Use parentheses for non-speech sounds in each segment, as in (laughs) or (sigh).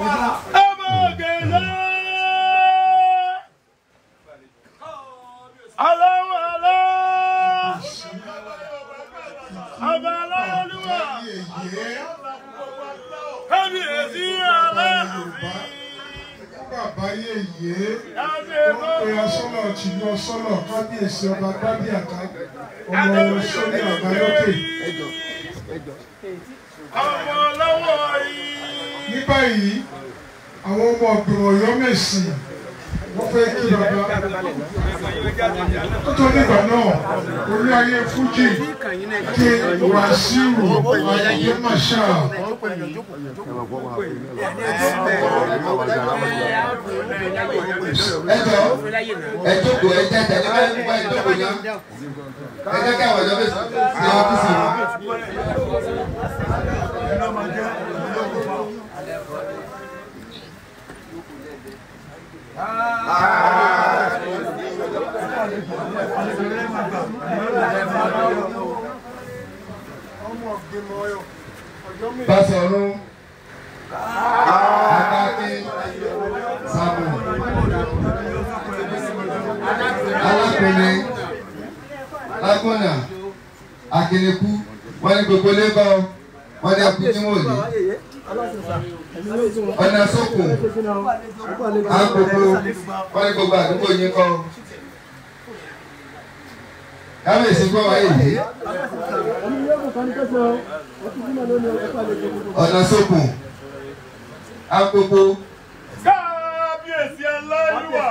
ẹ máa gèlè. aláwọ̀ alá ọba aláwọ̀lúwà kábíyèsí aláàfin bàbá yèyé wọ́n pe asọ́nà tìlú ọsọ́nà kábíyèsí ọba gbádìàká ọmọ ọsọ́nà àbáyọ́kè. ọmọ ọlọ́wọ́ yìí. ní báyìí àwọn ọ̀gbìn Ọ̀yọ́ Mèsì wọ́n fẹ́ kí bàbá tó nígbà náà orí ayé fújì ké Wàsíù Àyìndé Marshal. ẹjọ ẹjọkọ ẹjẹ tẹlẹ bá yẹn nípa ẹjọkọ yẹn ẹjẹ káwọn ẹjọ bẹ sọ àwọn Basọ̀run Adáki Sàmù Alákùnrin Lágúnà Akínníkú wọ́n ní gbogbo lébà wọ́n ní akútímọ̀lì ọ̀nà sókun agbègbè wáyé gbogbo àdúgbò yín kọ́ kábíyèsí gbọ́ wáyé yìí ọ̀nà sókun agbègbè kábíyèsí aláyùwà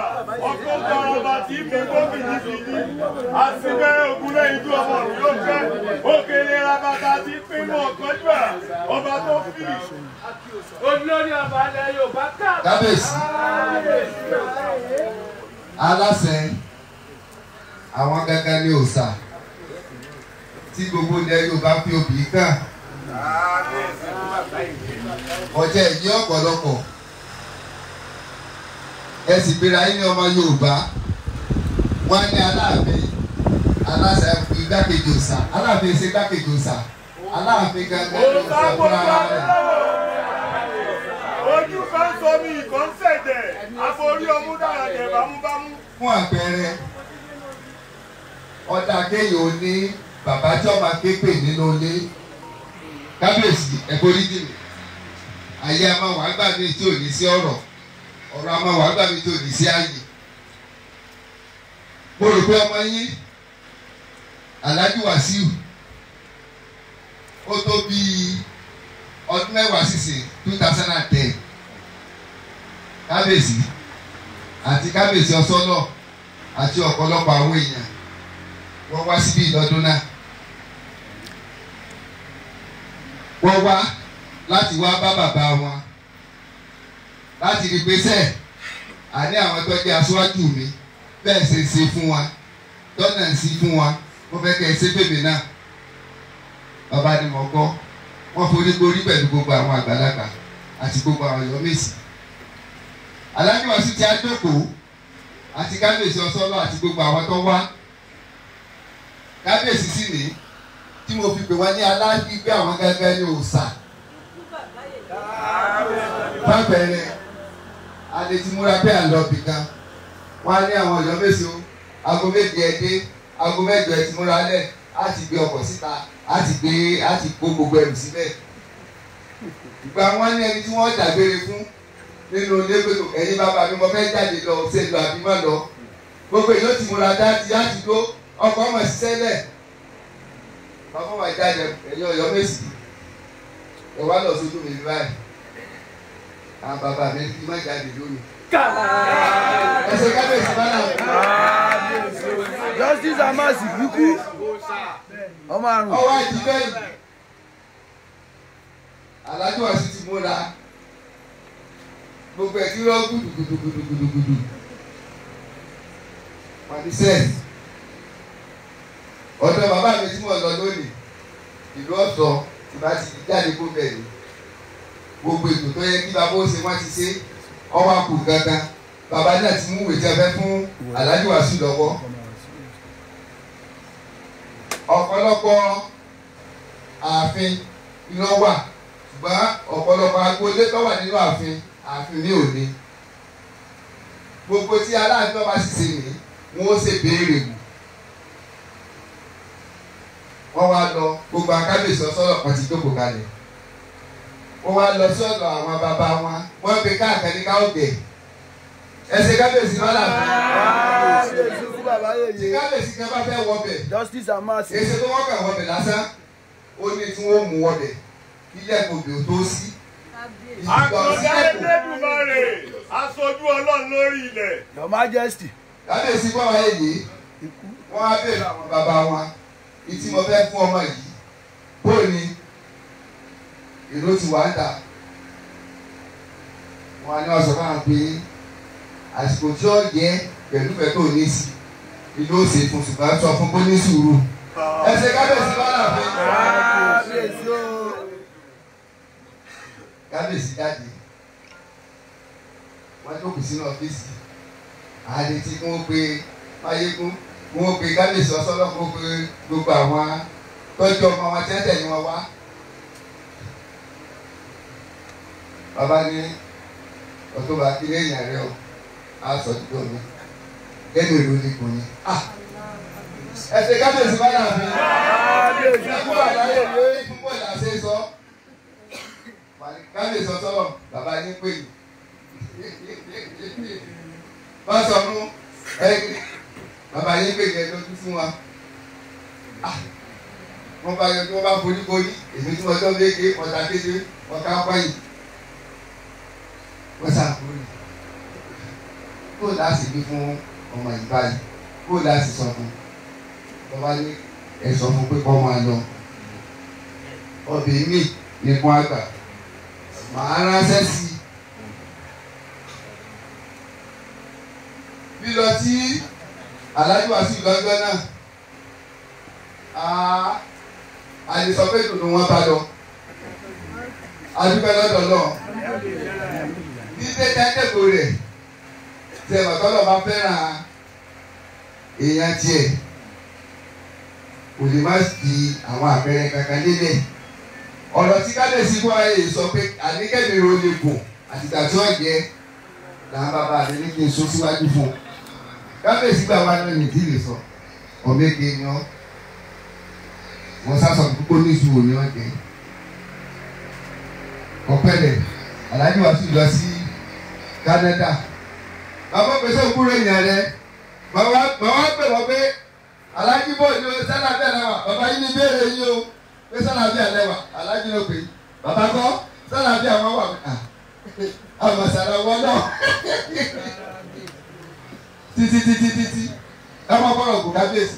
ọkọ baraba tí mi gbó fìdífìdí àsìbẹ̀rẹ̀ ògúnlẹ̀ ìlú ọmọ rẹ̀ ló fẹ́ òkèlè rabata tí pinnu ọ̀kọ́júà ọba tó fì olórí ọba ilẹ̀ Yorùbá kábíyèsí aláṣẹ àwọn gángan ní òòṣà tí gbogbo ilẹ̀ Yorùbá fi obì kàn ọjọ́ ẹ̀yìn ọ̀pọ̀lọpọ̀. ẹ sì gbéra yín ní ọmọ Yorùbá wọ́n ní Aláàfin aláṣẹ igbákejì òòṣà Aláàfin ṣe igbákejì òòṣà Aláàfin gangan ló sọ fúnra rẹ̀. ojú kan sọ mi ìkan àforí ọmú dára jẹ̀ bámúbámú. fún àpẹẹrẹ nínú ilé kábíyèsí ẹ̀kọ́ rí wà tí ò sí ọ̀rọ̀. ọ̀rọ̀ àmọ́ wàá gbà mí tó dì sí ààyè mo rò pé ọmọ yín Alhaji Wasiu ó tó bíi ọdún mẹ́wàá sísìn two thousand and ten kábíyèsí àti kábíyèsí ọsọ́nà àti ọ̀pọ̀lọpọ̀ àwọn èèyàn wọ́n wá síbí lọ́dún náà wọ́n wá láti wá bá bàbá wọn láti rí gbèsè àní àwọn tó jẹ́ aṣáájú mi bẹ́ẹ̀ ṣe ṣe fún wa tọ́nà sí fún wa mo fẹ́ kẹ́ ẹ ṣe bèbè náà bàbá ni mo gbọ́ wọ́n forí gborí pẹ̀lú gbogbo àwọn àgbàlagbà àti gbogbo àwọn yọmísì aláníwọ̀n sì ti àjókòó àti kábíyèsí ọsọ́lọ́ àti gbogbo àwọn tó wá kábíyèsí sì ní tí mo fi pè wọ́n ní alágbègbè àwọn gẹ́gẹ́ ní òòsà fábẹ́rẹ́ lè ti múra pé à ń lọ bìkà wọ́n á ní àwọn ọ̀yọ́ mèsì o aago méje ẹ dé aago mẹ́jọ ẹ ti múra lẹ̀ á ti gbé ọkọ̀ síta á ti gbé á ti kó gbogbo ẹrù síbẹ̀ ìgbà wọn ní ẹni tí wọ́n dàgbére fún nínú lébèlò ẹ̀yin bàbá mi mo fẹ́ jáde lọ ṣe lọ àbí má lọ gbogbo èyí ó ti múra dá ti á ti dó ọkọ̀ ọmọ ṣiṣẹ́ lẹ̀ bàbá wa jáde ẹ̀yin ọ̀yọ́ mèsì ẹ̀ wá lọ sójú mi báyìí àwọn bàbá mi fi má jáde lónìí. ẹsẹ̀ kábíyèsí bá náà. justice amasi bíkú ọmọ àrùn. ọwọ́ àjí bẹ́ẹ̀ alájọ àti ti múra gbogbo ẹ̀ kí lọ gudugudugudugudu pàdísẹ́ ọ̀dọ̀ bàbá mi tí mo lọ lónìí ìlú ọ̀sọ́ ìbá ti jáde kó bẹ̀ gbogbo ètò tó yẹ kí bàbá ó ṣe wọ́n ti ṣe ọwọ́ àpò gangan bàbá náà ti mú ìwé tí a fẹ́ fún Alhaji Wàsíù lọ́wọ́ ọ̀pọ̀lọpọ̀ ààfin ló wà ṣùgbọ́n ọ̀pọ̀lọpọ̀ agboolé tó wà nínú ààfin ààfin ní òní gbogbo tí aláàfin bá bá sì ṣe nìyí wọn ó ṣe béèrè wò wọ́n wá lọ gbogbo akábíyèsí ọ̀sọ́rọ̀ kan ti jókòó kalẹ̀ wọ́n wá lọ sí ọ̀dọ̀ àwọn bàbá wọn wọ́n gbé káàkiri ká òde ẹsẹ̀ kábíyèsí lọ́la tí kábíyèsí kan bá fẹ́ wọbẹ̀ èsì tó wọ́n kà wọbẹ̀ lásán ó ní tí wọ́n mú wọbẹ̀ ilẹ̀kùn òbí ò tó sí. àkọsílẹ̀ ẹlẹ́dùnmarè aṣojú ọlọ́run lórí ilẹ̀. your majesty. kábíyèsí bọ́ wáyé yìí wọ́n á bèèrè àwọn bàbá wọn ìtì mo fẹ́ fún ọmọ yìí bóyá ìró ti wà ń tà wọn á ní wọn sọ fún àwọn pé àsìkò tí ó yẹ pẹ̀lú pẹ̀lú òní sí ìlú òsè fún ṣùgbọ́n sọ fún bó ní sùúrù ẹsẹ̀ kábíyèsí bá là fún kábíyèsí jáde wọn jókòó sínú ọ́fíìsì àdé tí wọn pe máyégún wọn pe kábíyèsí ọsọlọ gbogbo gbogbo àwọn tọ́jú ọmọ wọn tẹ́tẹ̀ ni wọn wá. bàbá ní ọtọba ilé ìyàn rẹ o a sọ dídọ mi lẹ́nu ìlú ni kò ní. ẹsẹ̀ kábíyèsí bá yà mí ẹkú àlàyé lórí púpọ̀ ìlàsẹ̀ sọ kábíyèsí ọtọ́rọ̀ bàbá ní pè mí wọ́n sọ fún bàbá yín pè yẹn lójú fún wa wọ́n bá yọ kí wọ́n bá forí korí èmi tí wọ́n tọ́ léke ọ̀tá kéde ọ̀ká pọ́yìn wọ́n ṣàkóso rẹ̀ kó láti bí fún ọmọ yìí báyìí kó láti sọ fún bàbá ní ẹ̀sọ́ fún pé kọ́ máa lọ ọbẹ̀ mi nìkan àgbà màá ránṣẹ́ sí i lílọ tí alájú wá sí ìlọ́jọ́ náà àlìsọ pé dùnú wọn bá lọ adúgbò lọ́dọ̀ náà títí dáńdẹ́gbò rẹ̀ tẹ̀ bàtọ́lọ̀ bá fẹ́ràn èèyàn tiẹ̀ kò lè má di àwọn àpẹẹrẹ kankan lélẹ̀ ọ̀rọ̀ tí kábíyèsí wá èyí sọ pé àníkẹ́mi ò lè gùn àtìgbà tí wọ́n jẹ́ làwọn bàbá rẹ̀ ní kí n so síwájú fún un kábíyèsí gbà wá náà nìdí lè sọ ọ̀mẹ́kẹ́ ni ọ́ wọ́n sásọ púpọ̀ ní ìṣòwò ni wọ́n jẹ́ ọ̀pẹ̀lẹ̀ aláàjì wàásù lọ sí. Canada bàbá pèsè òkúrò èèyàn rẹ bàbá bàbá pè wọ́n pé bò ní o sálàbí àlẹwà bàbá yìí ní béèrè yìí o pé sálàbí àlẹwà alájí ló pè é bàbá kọ́ wà náà títí títí títí bọ̀rọ̀ kábíyèsí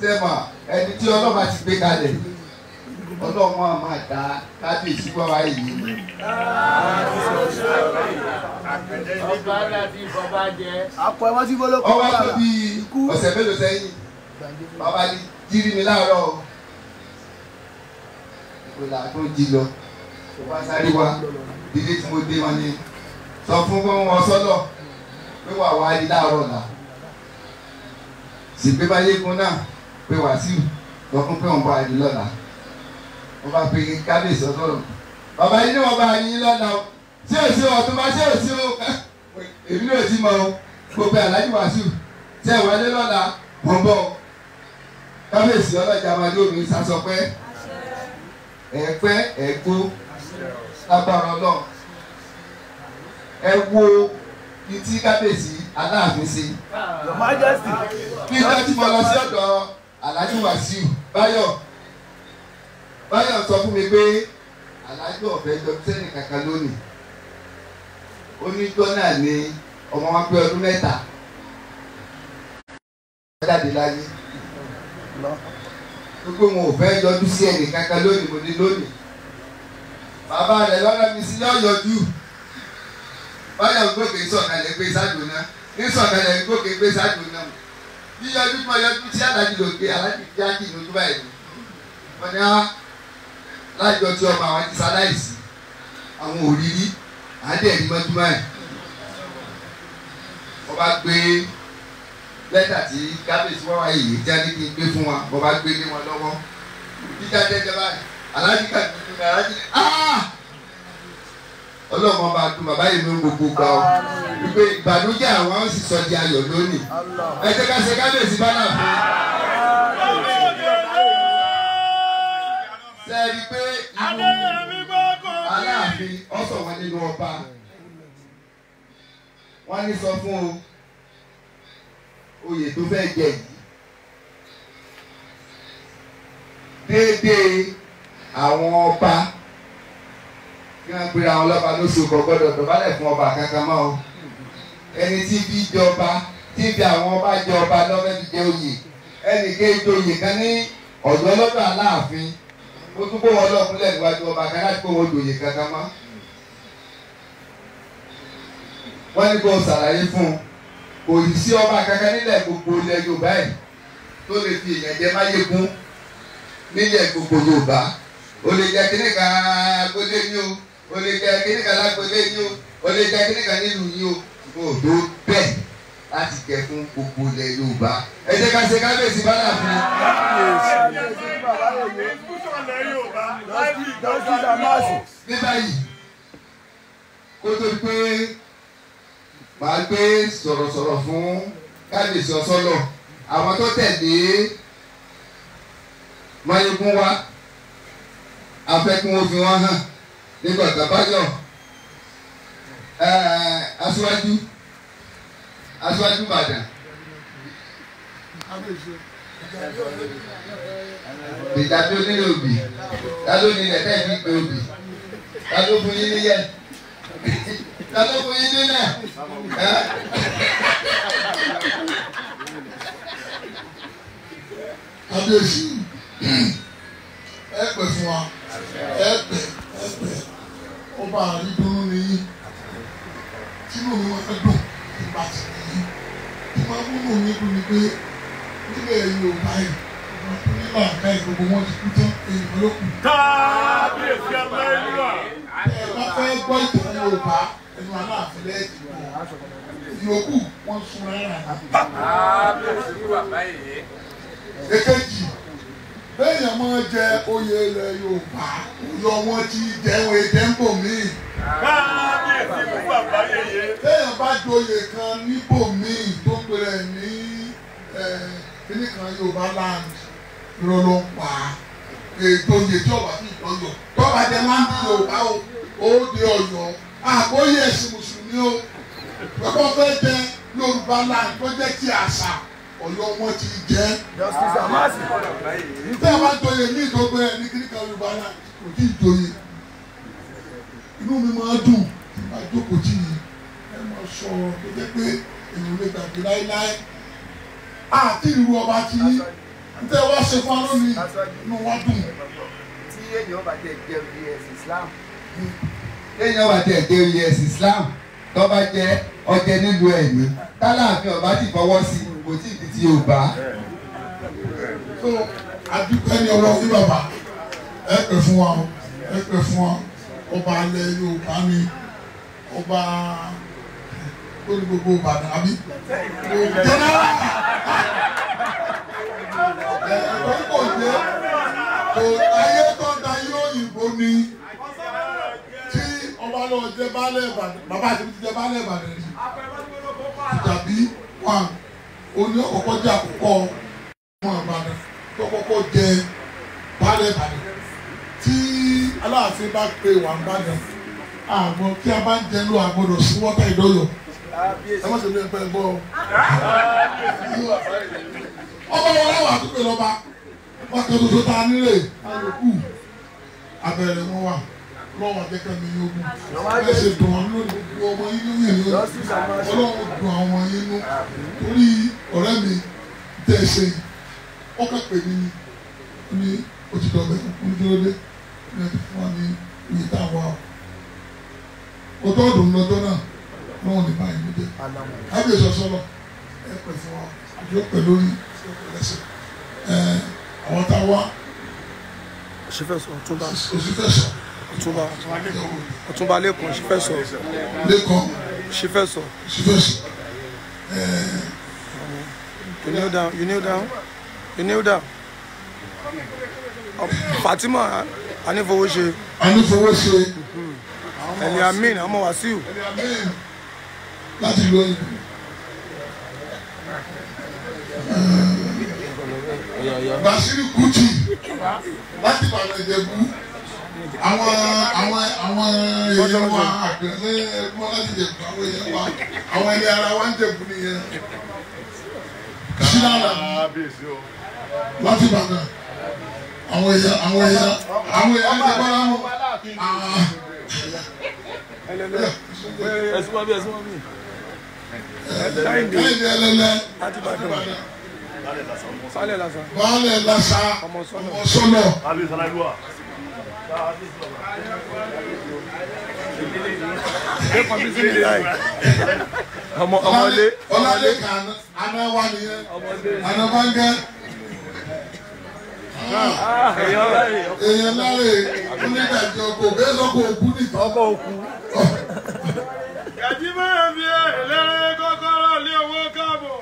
sẹ́mà ẹni tí ti gbé kalẹ̀ yìí. ọlọ́run a máa da kábíyèsí wá wáyé yìí ni. ọba láti bàbá jẹ. akọ ẹ wọn ti gbọ́dọ̀ kọ́ ọba bí ọ̀sẹ̀ mélòó sẹ́yìn bàbá ní jírí mi láàárọ̀ o ìpìlẹ̀ àtó jí lọ wá sáré wa dídí tí mo dé wọn ni sọ fún wọn sọ́lọ̀ pé wà wá rí láàárọ̀ là sì pé báyé gun náà pé wàásù lọ fún pé òun bá rí lọ́la mo bá pe kábíyèsí ọlọ́run bàbá yìí ni wọ́n bá yín lọ́dà o ṣé o ṣe ọ̀tún bá ṣé o ṣe o (laughs) èmi náà ti mọ o gbogbo aláàjì wàásù ṣé ìwọ ilé lọ́dà mọ̀ ń bọ̀ kábíyèsí ọlọ́jà máa yóò mi sàṣọpẹ́ ẹ̀pẹ́ ẹ̀gbó lágbára ọlọ́run ẹ wo ìtí kábíyèsí aláàfin ṣe. kí n tó ti mọ lọ sí ọ̀dọ̀ aláàjì wàásù báyọ̀ báyọ̀ sọ fún mi pé alájọ ọ̀fẹ́ jọ sẹ́ni kàkà lónìí oníjọ́ náà ni ọmọ wa pé ọdún mẹ́ta jáde láyé gbogbo wọn ò fẹ́ yọjú sí ẹnì kankan lónìí mo ní lónìí bàbá rẹ̀ lọ́nà mi sí yọ yọjú báyọ̀ gbòkè sọ̀kalẹ̀ gbé sáàdùn náà ní sọ̀kalẹ̀ gbòkè gbé sáàdùn náà yíyọjú mọ yọjú sí alájú lòkè alájú jákè lójú báyìí wọ́n ní á láìjọ tí ọba àwọn ti ṣaláìsí àwọn òrírí àádẹ́rì mọ́júmọ́ ẹ̀ ọba gbé lẹ́tà tí kábíyèsí wá wáyé yìí jáde kí n gbé fún wa ọba gbé lé wọn lọ́wọ́ jíjà jẹjẹ báyìí aláàjì kàdúgbò ní aláàjì ọlọ́mọ bá dùn bàbá yìí ló ń gbogbo gbà ó wípé ìbànújẹ́ àwọn sì sọ di ayọ̀ lónìí ẹ jẹ́ kábíyèsí bá náà fún un tẹ́ẹ̀rí pé inú aláàfin ọ̀sọ̀ wọn nínú ọba wọ́n ní sọ fún o oyè tó fẹ́ jẹ yìí déédéé àwọn ọba kí wọ́n pe àwọn ọlọ́ba lóṣù kò gbọ́dọ̀ dọ̀bálẹ̀ fún ọba kankan mọ́ o ẹni tí bí jọba tí bí àwọn ọba jọba lọ́fẹ́ fi jẹ oyè ẹnì kejì oyè kan ní ọ̀dọ́ lọ́dọ̀ aláàfin ó tún kó wọn lọ́kùnlẹ̀ níwájú ọba kan láti kó wọn dòye kankan mọ́. wọ́n ní kó ṣàlàyé fún un kò yìí sí ọba kankan nílẹ̀ gbogbo ilẹ̀ Yorùbá yìí tó lè fi èèyàn jẹ máyégún nílẹ̀ gbogbo Yorùbá o lè jẹ kíní kan agbódé ní o o lè jẹ kíní kan lágbódé ní o o lè jẹ kíní kan nílùú yìí o o tó bẹ́ẹ̀ láti kẹ fún gbogbo ilẹ̀ Yorùbá ẹ jẹ́ ká ṣe kábíyèsí bá dà fún un ilẹ̀ Yorùbá láìpẹ́ ìgbàgbọ́ àmàṣì. ní báyìí kó tó pé màá gbé sọ̀rọ̀sọ̀rọ̀ fún kábíyèsí ọ̀sọ́lọ̀ àwọn tó tẹ̀lé Máyégún wá afẹ́kún ó fi wọ́n hàn nígbà tàbáyọ̀ aṣáájú aṣáájú Ìbàdàn ìdájọ́ nílò òbí dájọ́ nílẹ̀ tẹ́ ní ìgbẹ́ òbí dájọ́ fún yín níyẹ dájọ́ fún yín nílẹ̀ kábíyèsí ẹ pè fún wa ẹ pè ẹ pè ó bá a rí dúró nìyí tí mo mú ẹ dùn ìgbà tí mo mú mi dùn ni pé nílẹ̀ Yorùbá yìí nígbà ká ìgbogbo wọn ti kú tán èyí ló kù. kábíyèsí amẹ́ríkà. ẹ bá fẹ́ gbọ́ ìtàn Yorùbá ẹnu aláàfin lẹ́yìn ìyókù wọn sun náírà ní. kábíyèsí wà báyìí. èkejì bẹ́ẹ̀yàn máa jẹ oyè ilẹ̀ Yorùbá lọ wọn ti dẹ́wọ̀ ẹ̀dẹ́ńbò míì. kábíyèsí wà báyìí. bẹ́ẹ̀yàn bá doyè kan níbòmíì tó pèrè ní ẹ̀ẹ́. Eh, kíní kan Yorùbá land ló pa ètò tí ọba fi ìdọ́yọ̀ tọ́ba jẹ land Yorùbá ó di Ọ̀yọ́ àgbóyè ẹ̀sìn mùsùlùmí o pẹ̀pọ̀ fẹ́ jẹ Yorùbá land tó jẹ́ ti àṣà Ọ̀yọ́ wọn ti jẹ́. nígbà wàá joyè ní ìdógbé ẹni kíní kan Yorùbá land kò tí ì joyè inú mi máa dùn àjókòó tì ẹ máa sọ ọ tó jẹ́ pé èèyàn lè gbàgbé láéláé àti ìlú ọba ti yí ntẹ wá ṣe fún wa lónìí inú wa dùn. tí èèyàn bá jẹ jẹ vs Islam. tí èèyàn bá jẹ jẹ vs Islam tó bá jẹ ọjẹ nílùú ẹ ní tálàfin ọba ti fọwọ́ sí kò tí ì fi ti Yorùbá. so adúpẹ́ ni ọlọ́run ní bàbá ẹ pè fún wa ẹ pè fún wa ọba alẹ́ Yorùbá ni ọba ó ní gbogbo ìbàdàn àbí jẹnẹra ẹ ẹ kò jẹ kò ayé tó ń da yóò yìnbó ni tí ọba lọ jẹ baálé ìbàdàn bàbá àti mi ti jẹ baálé ìbàdàn rí tàbí wà oní ọkọkọ jẹ àkọ́kọ́ ọmọ ìbàdàn tó kọ́kọ́ jẹ baálé ìbàdàn tí aláàfin bá pe wà ń bàdàn àmọ́ kí a bá ń jẹ ló àgbọ́dọ̀ sí wọ́tá ìdọ́yọ̀ ẹ má ṣe bí ẹgbẹ́ gbọ́ o. ọba wọn láwọn àtúntò lọ́ba wọn kẹ́ tuntun ta nílé alùpù abẹ́rẹ́ wọn wà lọ́wọ́ akẹ́kọ̀ọ́ mi yóò mú ẹ ṣe dùn wọn lórí gbogbo ọmọ inú yìí lórí ọlọ́run dùn àwọn inú torí ọ̀rẹ́ mi tẹ́ ẹ ṣe ọkọ̀ pè mí ní òtítọ́ bẹ́ẹ̀ ní dúró dé ní ẹ ti fún wa ní ìyí tá a wà ó. ọtọ́ ọdún lọ́jọ́ náà wọn ò ní bá ìlú jẹ kábíyèsí ọsọlọ ẹ pẹ fún wa yóò pẹ lórí yóò pẹ lẹ́sẹ̀ ẹ àwọn tá a wá. òṣìfẹsọ ọ̀túnba òṣìfẹsọ ọ̀túnba ọ̀túnba lẹkọọ òṣìfẹsọ lẹkọọ òṣìfẹsọ òṣìfẹsọ ẹ. you kneel down you kneel down you kneel down Fatima anífowóṣe anífowóṣe Eliamin amowasiu. Eliamin láti lo ìlú. Bàṣírí Kùtì láti bàrẹ̀ ìjẹ̀bú àwọn àwọn àwọn èèyàn wa àgbẹ̀lẹ̀ ẹ̀gbọ́n láti jẹ̀bú àwọn èèyàn wa àwọn ẹ̀yà ara wa ń jẹ̀bú nìyẹn. Ṣílára láti bàrẹ̀ àwọn èèyàn àwọn èèyàn àwọn èèyàn ń jẹ̀bú ara Ẹ̀sùn wa bí ẹ̀sùn wa bí káyìndé ẹlẹ́lẹ́ àtìbàdàn baálẹ̀ lásán baálẹ̀ lásán ọmọ sọ́nà. ọmọ ọmọlé ọmọlé kan anáwá nìyẹn anáwá ń gẹ́ ah, èèyàn láre onídàájọ́ kò bẹ́ẹ̀ lọ́kọ̀ òkú nìkan. (laughs) ẹ̀jímọ̀ mi ẹlẹ́rẹ́ kọ́kọ́rọ́ lé owó káàbọ̀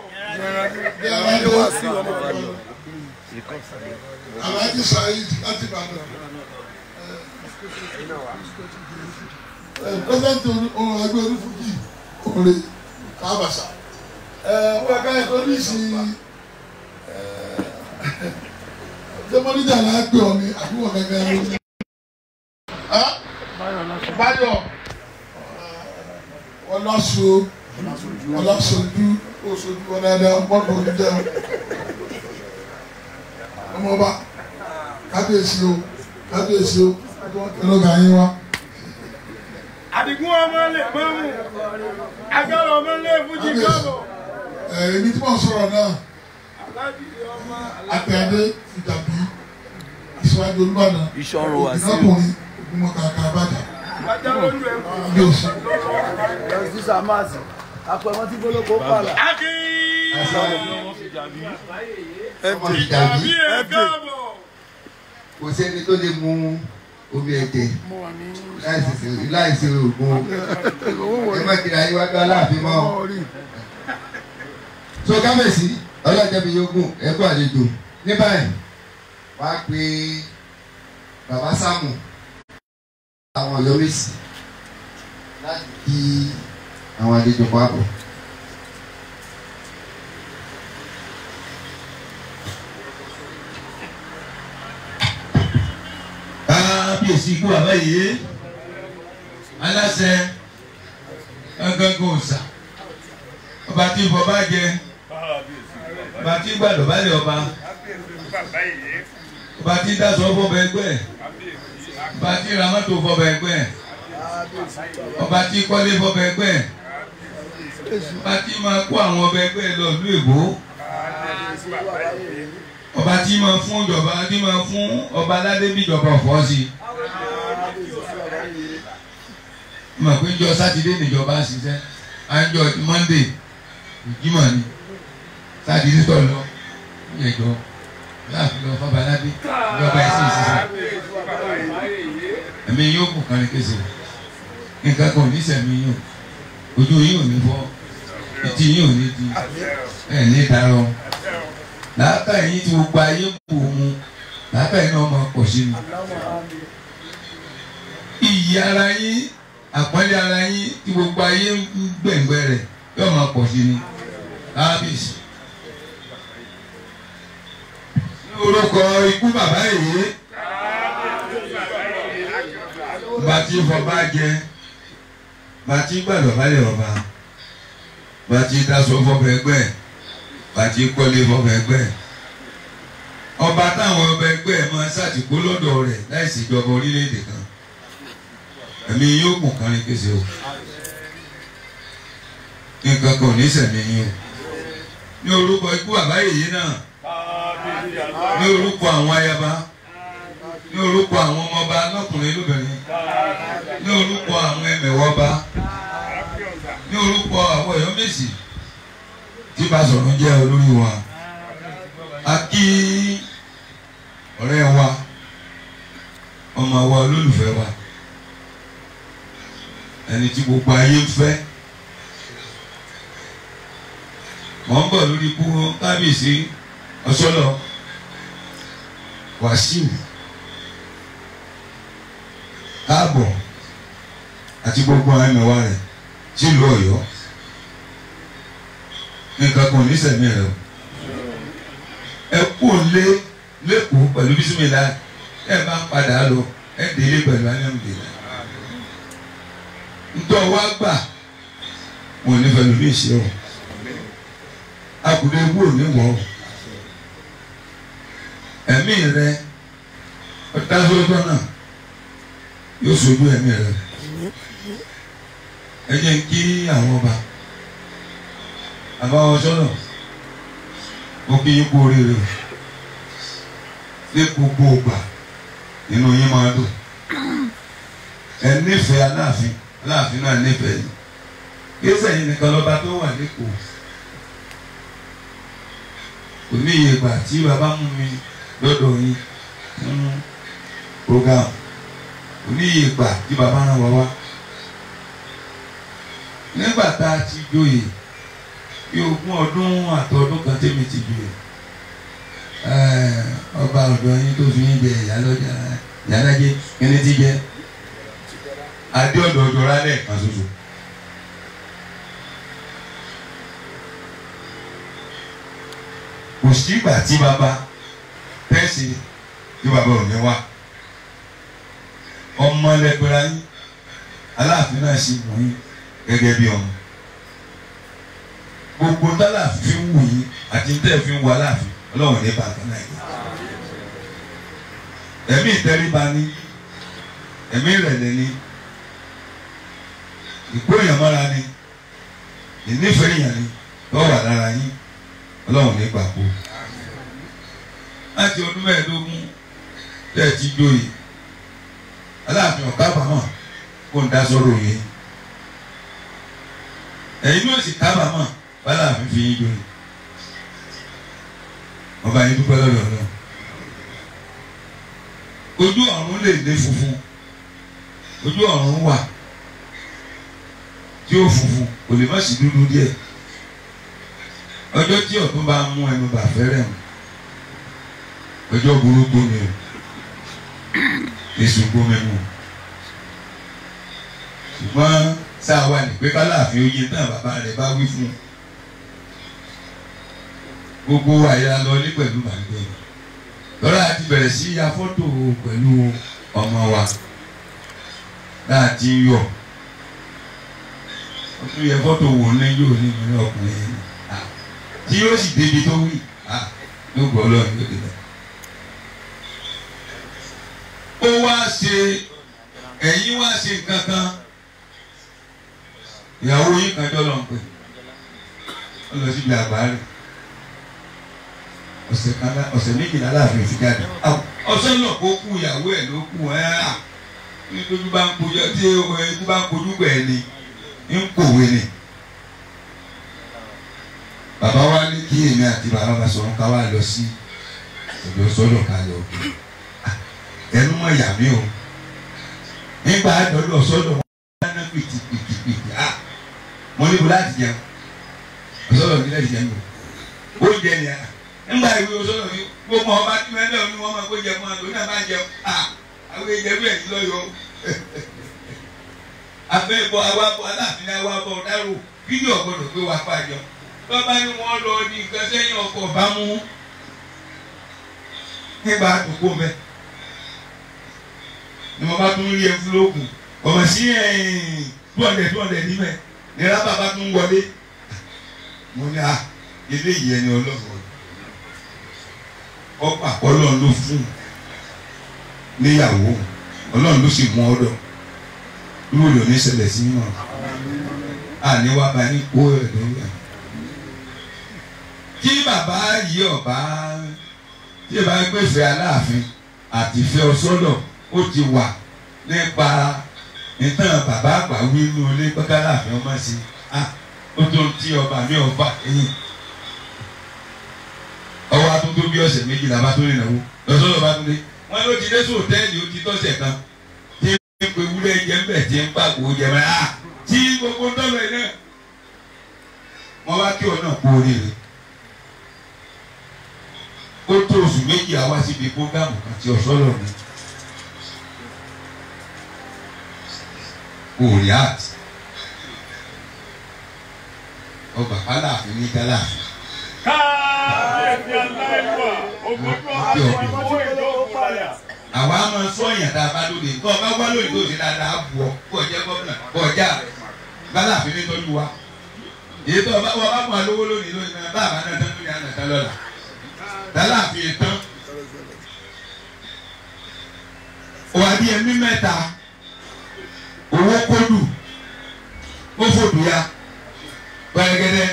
ọlọ́sọ ọlọ́sọdú ọsọdú ọ̀dàdà bọ́ọ̀lù ọ̀dàdà ọmọọba kábíyèsí o kábíyèsí o ẹlọ́gà yín wá. àdìgún ọmọ lè máa mú agbára ọmọ lè fújì káàbọ̀. èmi tí mo sọ̀rọ̀ náà àtẹ̀dé ìdàbí ìṣòwájú olúbàdàn ìṣòro àti ìdìbò ọkùnrin ògùnmọ̀kàkà àbàdàn bí o sì. justice amas apẹ̀mọ́ tí gbólógbó pààlà. ìjàmbí ẹ̀ka bọ̀. kò sẹ́ni tó lè mú omi ẹ̀jẹ̀ láìsí oògùn ẹ má kiri ayé wájú aláàfin mọ́ so kábẹ̀sí ọlọ́jàbí yógùn ẹ̀kọ́ àlejò ní báyìí wàá pe bàbá sámù àwọn ìyọrísí láti kí àwọn àlejò pààbọ̀. kábíyèsí ikú bàbá yìí aláṣẹ gángan òòsà ọba tí ń fọba jẹ ọba tí ń gbàdọ̀ bá lè ọba ọba tí ń dá sọ fún ọba tí ramato fọba ẹgbẹ́ ọba tí kọ́lé fọba ẹgbẹ́ ọba tí máa kó àwọn ọba ẹgbẹ́ lọ ìlú èbó ọba tí máa fún ìjọba tí máa fún ọba aládé bí ìjọba ọ̀fọ́ sí mọ̀ pé jọ sátidé níjọba ṣiṣẹ́ à ń jọ ni sátidé tọ̀ lọ ìyẹ̀jọ láàfin lọ fọba aládé ìjọba ẹ̀sìn ìṣiṣẹ́ ẹ̀mí yóò kù kárí kése nǹkan kan ní sẹ̀mí yóò ojú yóò ní fọ́ etí yóò ní di ẹ̀ ní darọ làákà yìí tí gbogbo ayé kù mu làákà yìí náà máa pọ̀ sí mi iyì ara yín àpọ́nlé ara yín tí gbogbo ayé ń gbẹ̀ngbẹ̀ rẹ̀ yóò máa pọ̀ sí ni abis. ní orúkọ ikú bàbá yìí ọba tí fọba jẹ bàtí gbàdọ̀ balẹ̀ ọba bàtí daṣọ fọbẹ̀ gbẹ bàtí kọ́lé fọbẹ̀ gbẹ ọba táwọn ọba ẹgbẹ́ máa ṣàtìpó lọ́dọ̀ rẹ̀ láìsí ìjọba orílẹ̀ kan ẹ̀mí yóò kùn kan ní kése o nǹkan kan ní sẹ̀mí yín o ní orúkọ ikú bàbá yèyí náà ní orúkọ àwọn ayaba ní orúkọ àwọn ọmọọba lọ́kùnrin lóbìnrin ní orúkọ àwọn ẹmẹ̀wọ́ba ní orúkọ àwọn èèyàn méjì tí Basọ̀run jẹ́ olórí wa a kí ọ̀rẹ́ wa ọmọ wa olólùfẹ́ wa ẹni tí gbogbo ayé ń fẹ́ mọ̀ ń bọ̀ lórí ikú kábíyèsí ọ̀ṣọ́lọ̀ Wàsíù káàbọ̀ àti gbogbo àwọn ẹ̀mẹ̀wá rẹ̀ sílùú ọ̀yọ́ nǹkan kan ní sẹ̀mí rẹ̀ o ẹ kú lé lẹ́kọ̀ọ́ pẹ̀lú bísímìlá ẹ bá ń padà lọ ẹ délé pẹ̀lú alẹ́mùdélá ntọ́ wa gbà wọn ní pẹ̀lú bí ìṣe o akùdé wúrò ní wọ́n ẹ̀mí rẹ̀ ọ̀tá sọ́tọ́ náà yóò sojú ẹ̀mí rẹ ẹ jẹ́ ń kí àwọn ọba àbáwọ sọ́nà ó kí yín kú oríire ní gbogbo ògbà inú yín máa dùn ẹ nífẹ̀ẹ́ aláàfin aláàfin náà nífẹ̀ẹ́ yìí gbèsè yìí nìkan lọ́ba tó wà lẹ́kọ̀ọ́ kò ní iye ìgbà tí bàbá mú mi lọ́dọ̀ yín fún program oníyè ìgbà tí bàbá rán wa wá nígbà tá a ti joyè bí ogún ọdún àtọdún kan tẹ́mi ti joyè ọba ọ̀dọ́ yín tó fi ń jẹ ìyálọ́jà ìyálájẹ kíni ti jẹ adé ọ̀dọ̀ ọjọ́ rálẹ̀ kan ṣoṣo. kò sígbà tí bàbá tẹ́sí tí bàbá ò ní wá ọmọ lẹgbẹrẹ yín aláàfin náà sì wù yín gẹ́gẹ́ bí ọmọ gbogbo tálàfin fi ń wù yín àti tẹ́ fi ń wù aláàfin ọlọ́run ní bàtà náà yìí ẹ̀mí ìtẹríba ni ẹ̀mí ìrẹ̀lẹ̀ ni ìkóyàmọ́ra ni ìnífẹ̀ẹ́yàn ni lọ́wọ́ wà lára yín ọlọ́run ní gbàgbó láti ọdún mẹ́ẹ̀ẹ́dógún tẹ́ ẹ ti dóye aláàfin ọ̀gá àbámọ̀ kó ń dá sọ́rọ̀ yìí ẹ̀yin ló sì kábàámọ̀ bálá àfihàn yín jòyè ọba yín dúpẹ́ lọ́dọ̀ ọ̀dọ̀ ojú ọ̀run lè lé funfun ojú ọ̀run wà tí ó funfun kò lè má sí dúdú díẹ̀ ọjọ́ tí ọ̀tún bá mú ẹnu bà fẹ́rẹ̀ mu ọjọ́ burúkú ni o èsù gbómẹmú ṣùgbọ́n sáà wà ní pé káláàfin oyè náà bàbá rẹ̀ bá wí fún gbogbo àyà lọ ní pẹ̀lú màgbẹ́ lọ́la ti bẹ̀rẹ̀ sí ya fọ́tò pẹ̀lú ọmọ wa náà ti ń yọ ó tún yẹ fọ́tò wò ní yóò ní ìlú ọkùnrin yìí ah, tí yóò sì débi tó wí ló ah, gbọ́ lọ́ọ̀ yóò dé ó wá ṣe ẹ̀yin wá ṣe nǹkan kan ìyàwó yín kan jọ́ lọ́n pé ó lọ síbi àgbáre ọ̀sẹ̀ kan ọ̀sẹ̀ méjìlá láàfin fi jáde ọ̀sẹ̀ náà kó kú ìyàwó ẹ̀ ló kú ẹ̀ à nítorí bá ń kojú tí ojú bá ń kojú gbẹ̀ ni ń kòwé ni bàbá wa ní kí èmi àti bàbá wa sọ̀rọ̀ ká wá lọ sí ọ̀dọ̀ ká lọ bí. ẹnu mọ ìyá mi o nígbà àdọ́dọ̀ ọ̀sọ́dọ̀ wọn dáná pìtì pìtì pìtì a ah! mo níbo láti jẹun ọ̀sọ́dọ̀ mi láti jẹun o jẹ a ah! nígbà ìwé ọ̀sọ́dọ̀ mi gbogbo ọba tí wọn náà ní wọn máa kó jẹ a ah! àwọn èèyàn lọ́yọ̀ (laughs) abẹ́ ìbọn aláàfin ni wọ́n bá tún rí ẹnfúlóòkù ọ̀mọ̀ sí two hundred two hundred níbẹ̀ ní rábà bá tún wọlé mo ní a ah, eléyìí ẹni ọlọ́run ọ̀pá ọlọ́run ló fún níyàwó ọlọ́run ló sì mú ọdọ̀ lóòlò ní ṣẹlẹ̀ sí mímọ́ àníwá bá ní kó ẹ̀dọ́ yà kí bàbá yìí ọ̀bá tí ìbá gbèsè aláàfin àti ìfẹ́ ọsọ́dọ̀ ó ti wà nípa ìtàn bàbá àgbà wí inú ilé gbẹ́gàlà mi ọmọ sí a ah, ó tó ń tí ọba mi ọba ẹ̀yìn ọwọ́ atótó bí ọ̀sẹ̀ méjìlá bá tó lè náwó lọ́sọ̀rọ̀ bá tó lé wọ́n ló ti dé sòtẹ́ẹ̀lì ó ti tọ́sẹ̀ kan tí ń pe wúlẹ̀ jẹ́ ń bẹ̀ tí ń pàgò jẹ́ mẹ́ a ah, tí gbogbo tọ́lọ̀ yìí náà wọ́n wá kí ọ náà kú oríire ó tó oṣù méjì àwa síbi kó àti ọ̀ṣọ́ lọ́nà. kò react ọgbà pálá àfi ní gálà. káàkiri aláìwá ògbójú àwọn ọmọ ìlú padà. àwa máa sọ èèyàn tá a bá lóde nǹkan ọba wá lóde tó ṣe dáadáa bù kó o jẹ gómìnà kó o já rẹ bálá àfi ní tọ́jú wa èyí tó ọba wọn bá mú alówó lónìí lónìí náà bá àbá náà tán lónìí àná lọ́la tálá àfi tán. òwádìí ẹ̀mí mẹ́ta. fòdùyà gbẹ̀gẹ̀dẹ̀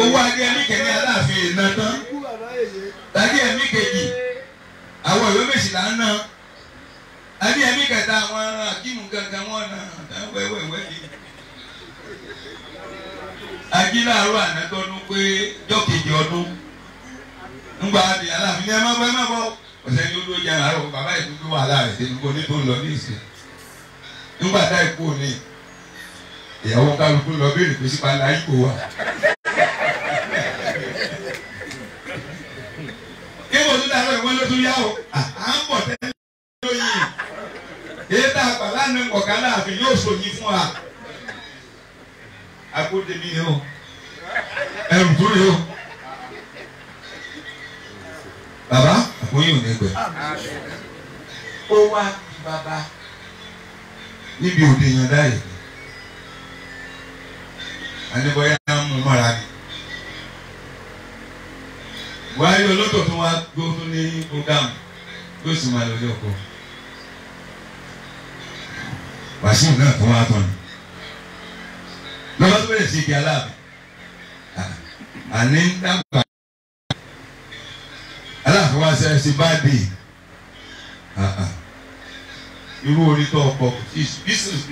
owó adé ẹni kẹ̀kẹ́ aláàfin iná tán tàbí ẹ̀mí kejì àwọn ìwé méjìlá ń ná ẹni ẹ̀mí kẹta àwọn ará akínú kankan wọn nà wẹ́wẹ́wẹ́ ni. ajíláàrú ànátọ́nu pé jọ́kejì ọdún ńgbà àti aláàfin ní ẹ má bọ́ ẹ má bọ́ ọ̀sẹ̀ ni ó ló jẹun àárọ̀ bàbá ìdúdú wà láàrẹ̀ tẹ̀lé kó lọ ní ìsìn ńgbà táì kú ni ìyàwó kálukú lọ bí ènìyàn sípa ńlá yìí kò wá. kéwòn tó dáná ìwọ́n ló tún yá o à ń bọ̀ tẹ́lẹ̀ lóyìn èyí tá a gbà lánàá ọ̀gá láàfin yóò sòyìn fún wa. agbóde mi yẹn o ẹrù tó yẹ o bàbá àkóyè òní ẹgbẹ ó wá bàbá níbi òde yẹn dáyìí àníbọ̀yá mú mọ́ra ni. Buhari olótò tó wá gbó tó ní programu yóò sì máa lórí ọkọ. Wàsíù náà tó wá tán ni. Lọ́wọ́ tó bẹ̀rẹ̀ sí ibi aláàbò. Àní ń dàgbà. Aláàfin wá sẹ́yìn sí báàdì. Irú orí tó ọkọ̀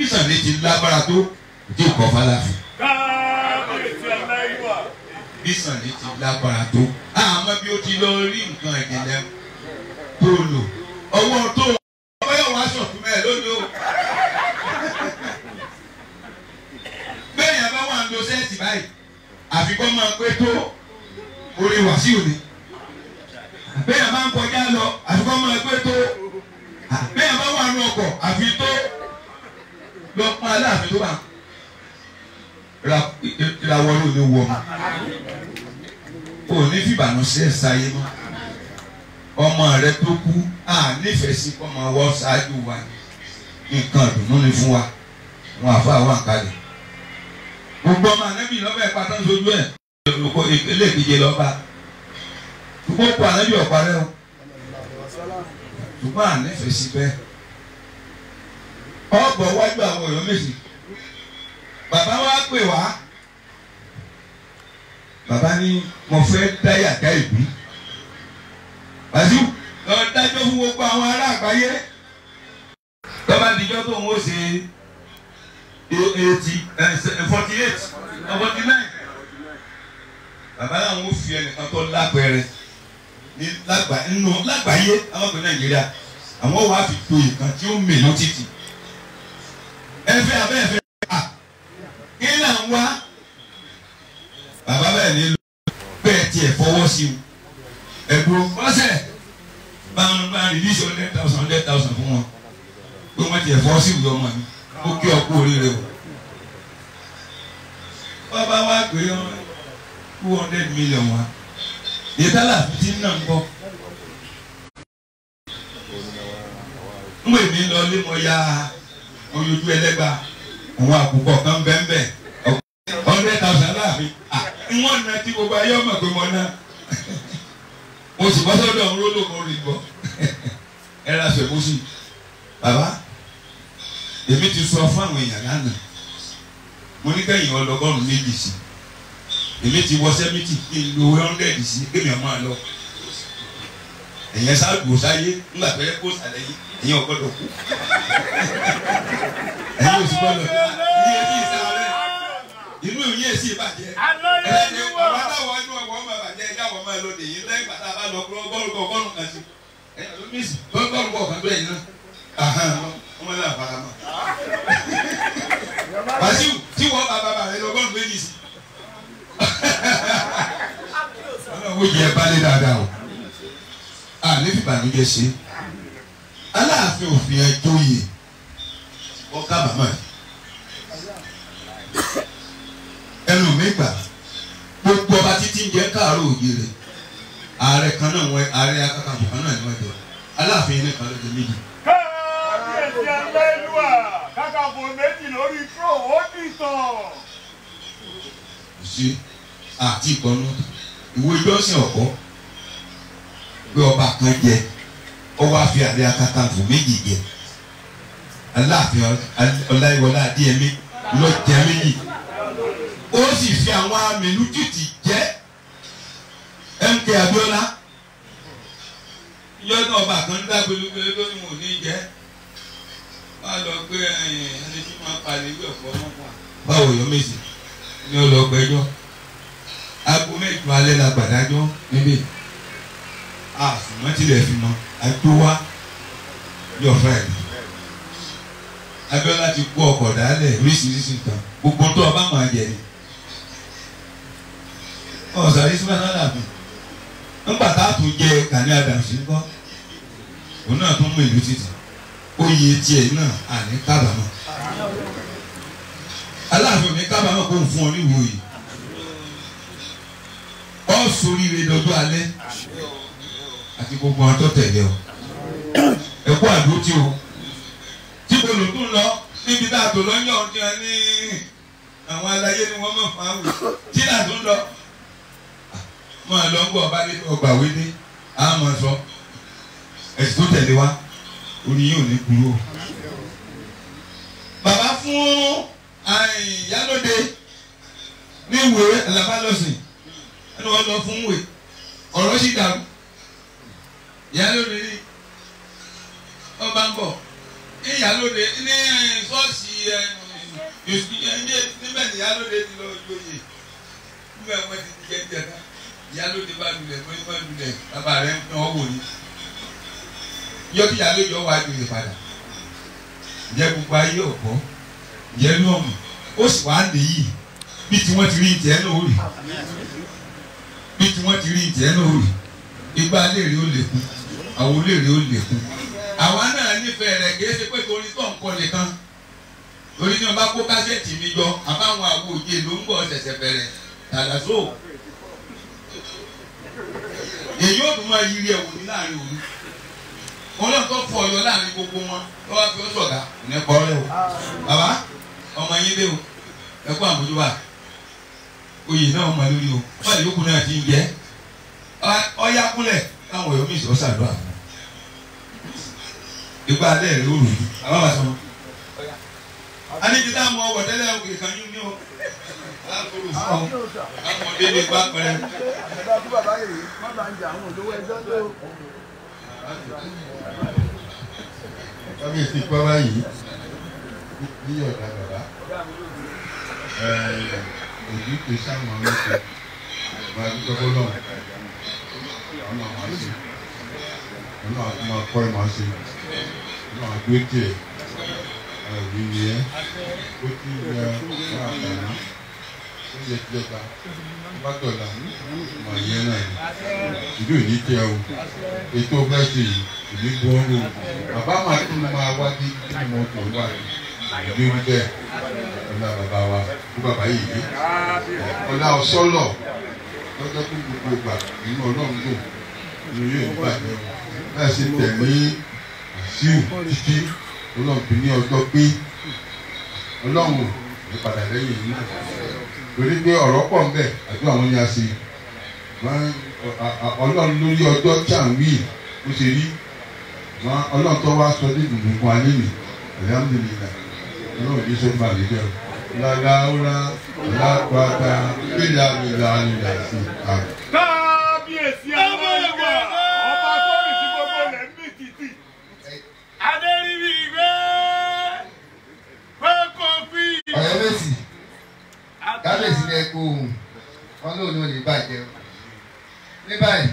ìsàn ní ti lágbára tó kò tí ì kọ́ fáláfin bí sànni ti lágbára tó àmọ́ bí ó ti lọ rí nǹkan ìjìnlẹ̀ tó lò ọwọ́ tó ọwọ́ yóò wá sọ fún mẹ́ẹ̀ lónìí o. bẹ́ẹ̀ yẹn bá wà ń lo sẹ́ẹ̀tì báyìí àfikún máa pé tó orí wàsíù ni bẹ́ẹ̀ yẹn bá ń kọjá lọ àfikún máa pé tó bẹ́ẹ̀ yẹn bá wà ń ọkọ̀ àfi tó lọ́pọ̀ aláàfin tó bá ìràwọ̀ ló ní wọ̀ kò ní fìbànújẹ́ sáyé mọ́ ọmọ rẹ tó kú à nífẹ̀ẹ́ sí kọ́mọ wọ́ ṣáájú wa nǹkan ìdùnnú ni fún wa wọn àfa wà kalẹ̀ gbogbo ọmọ anábì lọ́bẹ̀ pátá sojú ẹ̀ eléèkejì lọ́ba ṣùgbọ́n kó anábì ọ̀parẹ́ o ṣùgbọ́n ànífẹ̀ẹ́ sí bẹ́ẹ̀ ọ̀bọ̀ wájú àwọn èèyàn méjì bàbá wa pè wá bàbá ní mo fẹ́ dá yàgá ìbí wàásù lọ fún gbogbo àwọn ará àgbáyé tọ́ba dìjọ́ tó ń wò ṣe eighty eh, eh, forty eight eh, forty nine bàbá náà ń fi ẹnìkan tó lápẹẹrẹ ní lágbàáyé àwọn ọkùnrin Nàìjíríà àwọn wàá fi to ìkan tí ó mèlú títì ẹ fẹ́ abẹ́ ẹ fẹ́ kí là ń wá bàbá bẹ́ẹ̀ ni bẹ́ẹ̀ tiẹ̀ fọwọ́ sí o ẹ̀gbọ́n mọ́sẹ̀ báwọn bá rìlíṣì hundred thousand hundred thousand fún wọn pé wọ́n tiẹ̀ fọwọ́ sí ìwé ọmọ mi ó kí ọkú oríire o bàbá wa pè é two hundred million wa ìdálà fìdí náà ń bọ̀. ń wè mí lọ lé mọ ya oyojú ẹlẹ́gbàá àwọn àkùkọ kan bẹ́ẹ̀ bẹ́ẹ̀ hundred thousand láàfin ìwọ̀n nà tí gbogbo ayé ọmọ pé mo ná mo sì bọ́ sọ́dọ̀ ọ̀hún ló lò mo rí bọ́ ẹ ra fẹ̀ mo sì bàbá èmi ti sọ fún àwọn èèyàn lánàá mo ní kẹ́yìn ọlọ́gọ́rùn méjì sí èmi ti wọ sẹ́mìtì kí n lo hundred sí kémi ọmọ àlọ́ ẹ̀yẹn sáàgbò sáyé ńgbà tó yẹ kó sàlẹ̀ yìí ẹ̀yìn ọ̀gbọ́dọ̀ kú ẹ̀yìn òsì gbọ́dọ̀ kú ní etí ìsá inú yìí yé sí ìbàjẹ́ ẹni àwọn aláwọ̀ inú ọ̀wọ́ máa bàjẹ́ ẹ̀dá àwọn máa lọ nìyí lẹ́yìn pàtàkì àbá lọ kúrò bọ́ọ̀lù kọ̀ bọ́ọ̀lù kan sí bọ́ọ̀lù kọ̀ kan bẹ́ẹ̀ náà wọ́n lè àbára mọ́. (laughs) Bàṣíù tí wọ́n bá bàbá rẹ lọ bọ́ọ̀lù méjì sí. Ọlọ́run ó yẹ ẹ balẹ̀ dáadáa o. Àní fìbànújẹ́ ṣe. Aláàfin òfin ẹjọ́ yìí. Wọ́n ká màmá yìí ẹnu mi gbà gbogbo ọba títí ń jẹ káàárọ̀ òjìrè ààrẹ kan náà wọn ààrẹ akọkàbọ kan náà ni wọn jẹ aláàfin yẹn nìkan ló jẹ méjì. káàbíyèsí aláìlúwà kàkàbọ̀ méjì lórí tró ó dì tàn. kò àti ìkọnú ìwé jọ́sìn ọ̀kọ́ pé ọba kan jẹ ó wá fi ààrẹ akọkàbọ̀ méjì jẹ aláàfin ọláyíwọlá adéyẹmí lọ jẹ méjì ó sì fi àwọn amẹnudìtì jẹ́ MK Abiola ìjọ náà ọba kan dágbé lókèrè lórí wọn ò ní jẹ wá lọ gbé eh, ẹni tí máa palẹ̀ ìwé ọ̀pọ̀ ọmọkùnrin. báwo yọ méjì ni ó lọ gbẹ́jọ́ aago mẹ́jọ alẹ́ la gbàdájọ́ níbí àfùmọ́ tilẹ̀ fi mọ́ àtúwá yọ fáìlì Abíọ́lá ti kó ọkọ̀ dálẹ̀ oríṣiríṣi nǹkan gbogbo tó ọba máa jẹ ni ọ̀sàrí sùpẹ́sà làbí ńgbà tá a tún jẹ Gani Adams ńkọ́ òun náà tún mú ìlú títì oyè tiẹ̀ náà àní kábàámọ̀ aláàfin mi kábàámọ̀ kò ń fún ọ níwò yìí ọ sóríire dọdọ alẹ́ àti gbogbo àwọn tó tẹ̀lé ọ ẹkú àdótì o tí kò lò tún lọ níbi tá a tò lọ́yọ̀ ọ̀dẹ́ ní àwọn aláyé ni wọ́n mọ̀ fún àwọn tí a tó ń lọ máa lọ ń gbọ́ ọba dé ọgbà wé dé á máa sọ ẹ̀sìn tó tẹ̀lé wa oní yóò ní kúrò. bàbá fún Ìyálóde ní ìwé alábálọ́sìn ẹni wọ́n lọ fún ìwé ọ̀rọ̀ sì dàrú Ìyálóde ní wọ́n bá ń bọ̀ ní Ìyálóde ní eh, ṣọ́ọ̀ṣì ẹ̀ eh, eh, níbẹ̀ Ìyálóde ti lọ joyè níbẹ̀ wọ́n ti jẹ́ jẹ́ náà ìyálóde bá lulẹ̀ bóyá bá lulẹ̀ bàbá rẹ̀ ń pín ọwọ́ ni yọ bí ìyálóde ọwọ́ àdúgbò padà ǹjẹ́ gbogbo ayé ọ̀pọ̀ ǹjẹ́ náà mọ̀ ó sì wá lè yìí bí tí wọ́n ti rí ìjẹ́ náà ó rì bí tí wọ́n ti rí ìjẹ́ náà ó rì igbá léèrè ó lè kú àwọn léèrè ó lè kú àwa náà nífẹ̀ẹ́ rẹ̀ kìí ṣe pé torí tó ń kọ́ nìkan torí ní ọba kó kásẹ̀tì mi jọ àbáwọn àwo òye ló ń bọ̀ ṣẹ̀ṣẹ̀ bẹ̀rẹ̀ tàdásó èyí ò tún máa yiri ẹ̀wò ní láàrin òru wọn náà tó fọ ọyọ láàrin gbogbo wọn tó wá fi ọsọ ọgá ìyẹn kọ ọ̀rẹ́ o bàbá ọmọ yín dé o ẹ kó àmójú wa oyè náà ọmọ lórí o báyìí yókù náà ti ń jẹ ọyá kúnlẹ̀ káwọn ọyọ míì sọ ṣàdúrà ìgbà alẹ́ rẹ̀ ó rù ú àbábà sọ. a ní ti dá mọ ọwọ́ tẹ́lẹ̀ òkè kan yín ní o ọmọdé ní pápẹ́. báyìí ní ọ̀dà bàbá òjú pé sáwọn ọlọ́sẹ̀ bá dúpẹ́ bọ́lọ̀ ọ̀nà àwọn àṣẹ ọ̀nà akọ́ ẹ̀ máa ṣe ọ̀nà àgbẹ̀tẹ̀ ẹ̀rí yẹ ó ti yẹ ọ̀nà àgbẹ̀rún ó yẹ jọba bá dọ̀la mà yẹ náà ìlú ìní jẹ o ètò ọgbà ṣe yìí ìlú gbọ́rọ̀ bàbá máa tún máa wá dé kí mo tó wà ìlú rí bẹ́ẹ̀ ọlá bàbá wa kú bàbá yìí dé ọlá ọ̀sọ́lọ̀ lọ́jọ́ tó gbogbo gbà nínú ọlọ́run lò ní ilé ìbàdàn láì ṣe tẹ̀lé síù títí ọlọ́run fi ní ọjọ́ pé ọlọ́run ìpadà lẹ́yìn náà torí pé ọ̀rọ̀ pọ̀ ń bẹ àdúrà wọn ni a ṣe ọlọ́run lórí ọjọ́ tí à ń wí ó ṣe rí ọlọ́run tó wá sọ dé gbogbo fún alẹ́ mi alhamdulillah ọlọ́run ní sọ́kùn àlẹ́ jẹ́ o. làlàúrà làpàtà bílà bílà nílà sí i. kábíyèsí àwọn ìwà ọba tó rìn sí gbogbo rẹ̀ ń bì títì. adéríbi ìwé pé kò fi. ọ̀rẹ́ lè sì kábíyèsí ni ẹkọ ohun wọn lóun ní òní bàjẹ́ o ní báyìí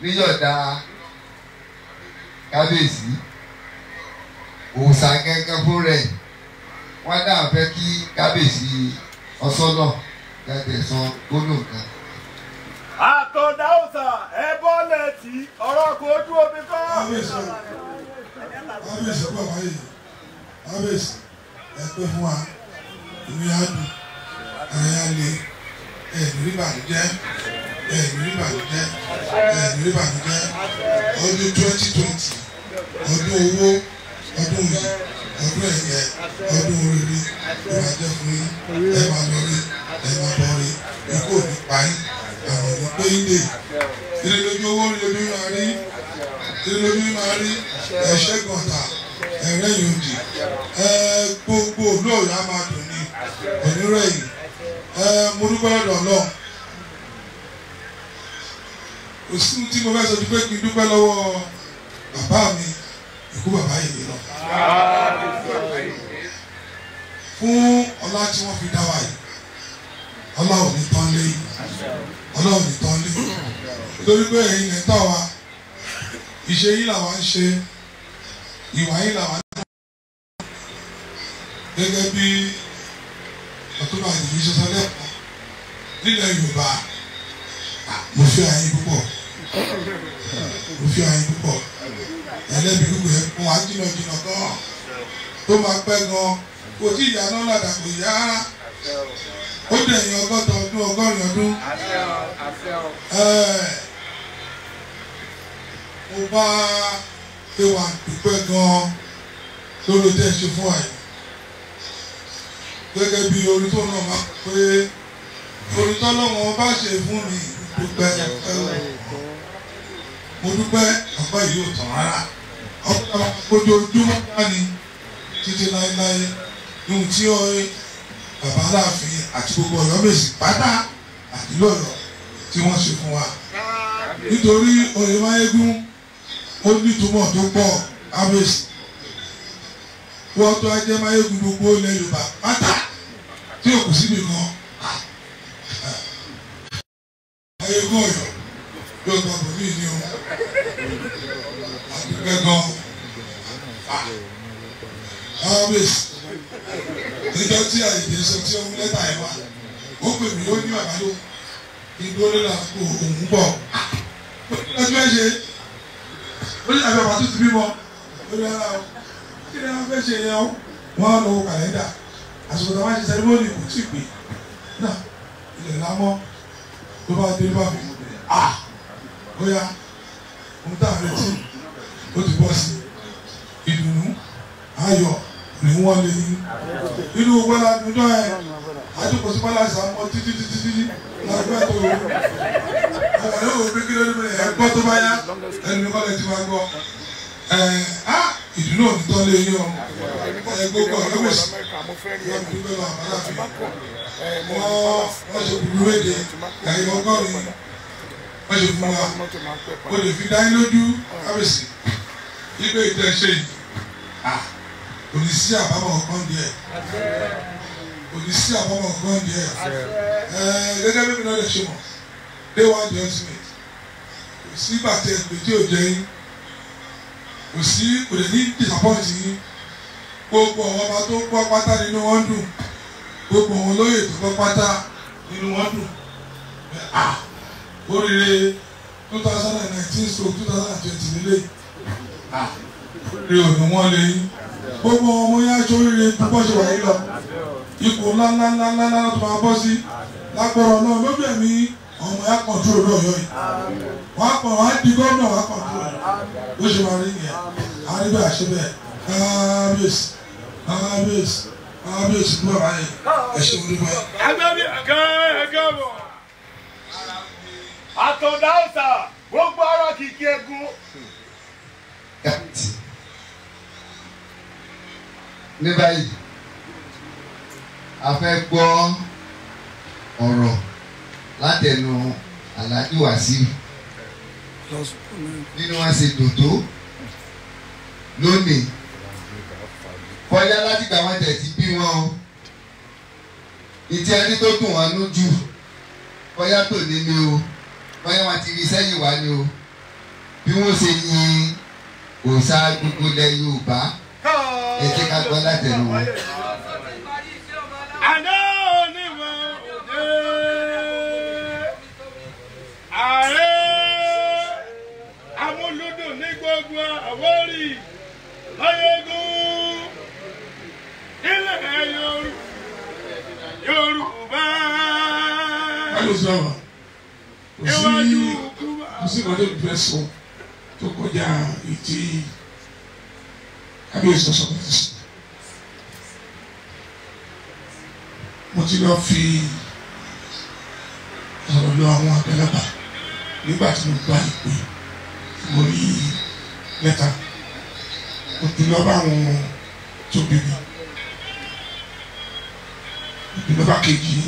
níyọ̀dá kábíyèsí òòsà gẹ́gẹ́ fún rẹ̀ wọ́n dáhùn fẹ́ kí kábíyèsí ọ̀sọ́nà jáde sọ gbólóhùn kan. àtọ̀dá òòsà ẹ bọ́lẹ̀ tí ọ̀rọ̀ kò ojú omi kọ́. kábíyèsí kábíyèsí ọgbà wáyé kábíyèsí ẹ pé fún wa inú yà dùn àyà lè ẹ̀mí rí bàlùjẹ́ ẹ̀mí rí ọdún twenty twenty ọdún owó ọdún yìí ọdún ẹ̀yẹ ọdún oríire ló máa jẹ́ fún yín ẹ máa lọ rí ẹ máa bọ̀ rí ikú òní pa yín àwọn òní pé ilé ilé lójú owó ilé lójú máa rí ilé lójú máa rí ẹ̀ṣẹ́gun ọ̀tà ẹ̀rẹ́yìn òdì ẹ gbogbo olóòrè á máa dùn onírọ̀ yìí ẹ mo dúpẹ́ lọ́dọ̀ Ọlọ́run kò sí tí mo fẹ́ sọ dúpẹ́ kí n dúpẹ́ lọ́wọ́ bàbá mi ikú bàbá yìí lọ fún ọlá tí wọ́n fi dá wa yìí ọlá ò ní tán lé ọlá ò ní tán lé nítorí pé ẹ̀yin lè tà wá ìṣe yìí làwa ń ṣe ìwà yìí làwa ń ṣe gẹ́gẹ́ bí ọ̀túnba àdìrí sọ́sọ́ lẹ́kọ̀ọ́ nílẹ̀ Yorùbá mo fi àyè púpọ̀ mo fi àyè púpọ̀ ẹlẹ́bi gbogbo ẹ̀ kún wa jìnnà gan tó máa pẹ́ gan kò tí ìyá náà ládà kò yá rárá ó dẹ̀yìn ọgọ́ta ọdún ọgọ́rin ọdún mo bá ewa dúpẹ́ gan lórí tẹ́ fún àyè gẹ́gẹ́ bí orí tó náà máa pé orí tọ́lọ́wọ́n bá ṣe fún mi dúpẹ́ mo dúpẹ́ ọ̀pẹ́ yìí ò tàn rárá ọ̀pẹ́ ojoojúmọ́ bá ní títí láéláé ohun tí ó bàbá aláàfin àti gbogbo Ọ̀yọ́ Mèsì pátá àti lọ́yọ̀ tí wọ́n ṣe fún wa nítorí oyè máyégún ó nítumọ̀ tó pọ̀ Kábíyèsí wọ́n tó ajẹ́ máyégún gbogbo ilẹ̀ Yorùbá pátá tí o kù síbi mọ́ ayé bọ́ọ̀yọ̀ yóò gbọ́ bọ̀ mí ni o àdúgbẹ́ gan always ah. ah, níjọ́ tí àyèdè sọ tí ohun lẹ́tà ẹ̀ wá ó pè mí ó ní àbálò igbó lọ́la kò òun bọ̀ ah. ẹgbẹ́ ṣe ó ní àbẹ̀wò àtúntò bímọ ó ní ara o kí ni a fẹ́ ṣe yẹn o wọ́n á lọ kàlẹ́ndà àsìkò tí a máa ṣe sẹ́rímọ́nì kò tí ì pé náà ilẹ̀ lámọ́ ló bá dé bá mi à bóyá ohun tá a retí ó ti bọ́ sí ìdùnnú ayọ̀ ní wọ́n lé yín nínú gbọ́dọ̀ dúdú ẹ̀ àjọkọ̀sí bọ́lá ìsàmọ́ títí títí títí lágbá tó o ọ̀rẹ́ òwe kí ló dé bẹ́ẹ̀ ẹ̀ gbọ́ tó bá yá ẹnu kọ́lẹ̀ tí wọ́n gbọ́ ẹ̀ á ìdùnnú òtítọ́ lé yín o ẹ gbogbo ọ̀rẹ́ wò sí wọn dúpẹ́ wà láàfin wọ́n wọ́n ṣe gbogbo èdè ẹ̀yìn ọgọ́rin wọ́n fún wa o lè fi dáyé lójú kábíyèsí ibẹ̀ ìtẹ̀sẹ̀ yìí onísí àbámọ̀ ọ̀gbọ́n díẹ̀ onísí àbámọ̀ ọ̀gbọ́n díẹ̀ gẹ́gẹ́ bí mi náà lè ṣe mọ̀ day one the kò sí bàtẹ́ ìgbèjì òjẹ́yìn kò sí kò lè ní disappoint yín gbogbo àwọn ọba tó ń gbọ́ pátá nínú wọn dùn gbogbo àwọn olóyè tó gbọ́ pátá nínú wọn dùn oríire two thousand and nineteen stroke two thousand and twenty nílé oríire òní wọn lè yín gbogbo ọmọ yẹn aṣọ oríire púpọ̀ ṣe wáyé lọ ipò ńláńláńláńlá tó máa bọ́ sí lágbọ́rọ̀ náà lóbi ẹ̀mí ọmọ ya pọ̀ dúró lọ́yọ̀ yìí wọ́n á pọ̀ wọ́n á di gómìnà wọ́n á pọ̀ dúró bó ṣe máa rí yẹn àríbẹ̀ àṣebẹ̀ kábíyèsí kábíyèsí kábíyèsí ló wà yìí ẹ ṣe wọlé bọ́. agbẹ́bí ẹ̀gẹ́ ẹ̀gẹ́ bọ̀ àtọ̀dá ọ̀sà gbogbo ara kìkì egun. ní báyìí a fẹ́ gbọ́ ọ̀rọ̀ látẹnu aláàjì wàsíù nínú wa ṣe dòdó lónìí kọjá láti gbà wọn tẹ̀sí bí wọn o ìtí ẹni tó dùn wọn lójú kọjá tó ní ni o kọjá wọn ti rí sẹ́yìn wá ni o bí wọ́n ṣe yin òòṣà gbogbo ilẹ̀ Yorùbá ẹ jẹ́ ká gbọ́ látẹnu wọn. Àwórì Maiyegun nílẹ̀ Yorùbá iwájú Yorùbá. kò sí ìwádìí ìbílẹ̀ sọ tó kọjá ìdí abiyesi sọsọ bẹ́ẹ̀ sọ mo ti lọ fi ọ̀rọ̀ lọ àwọn àgbàlagbà nígbà tí mo gba ìpè mo rí i lẹ́tà òdùnnà bá àwọn tó bèrè òdùnnà bá kejì yìí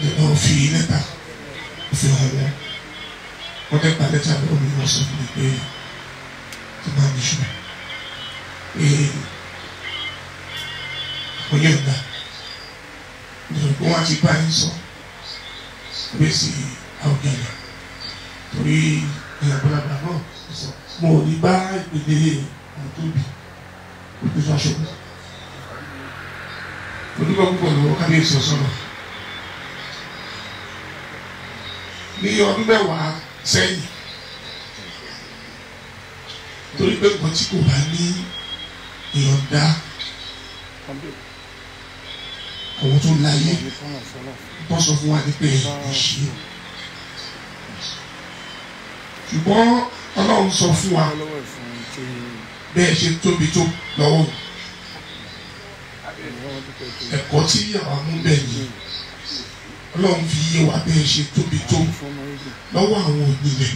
lẹ́nà òfin lẹ́tà òfin hàn wọ́n wọ́n dẹ́gbà lẹ́tà lọ́wọ́ mi wọ́n sọ fún mi pé tó máa ní ṣùgbọ́n ee oyè ń gbà nítorí wọn ti bá yín sọ bẹ́ẹ̀ sì àwùjọ yẹn torí àgbàlagbà náà sọ mo ò ní bá ìpele mo tóbi òbí tó aṣọ onígbà púpọ̀ lọ́wọ́ kábíyèsí ọ̀sọ́nà ní ọdún mẹ́wàá sẹ́yìn torí pé nǹkan tí kò bá ní ìyọ̀ǹda àwọn tó láyé wọ́n sọ fún wa ní pé ìṣe ṣùgbọ́n ọlọ́run sọ fún wa bẹ́ẹ̀ ṣe tóbi tó lọ́wọ́ ẹ̀kọ́ tí àwọn mú bẹ́ẹ̀ ni ọlọ́run fi yé wa bẹ́ẹ̀ ṣe tóbi tó lọ́wọ́ àwọn onílẹ̀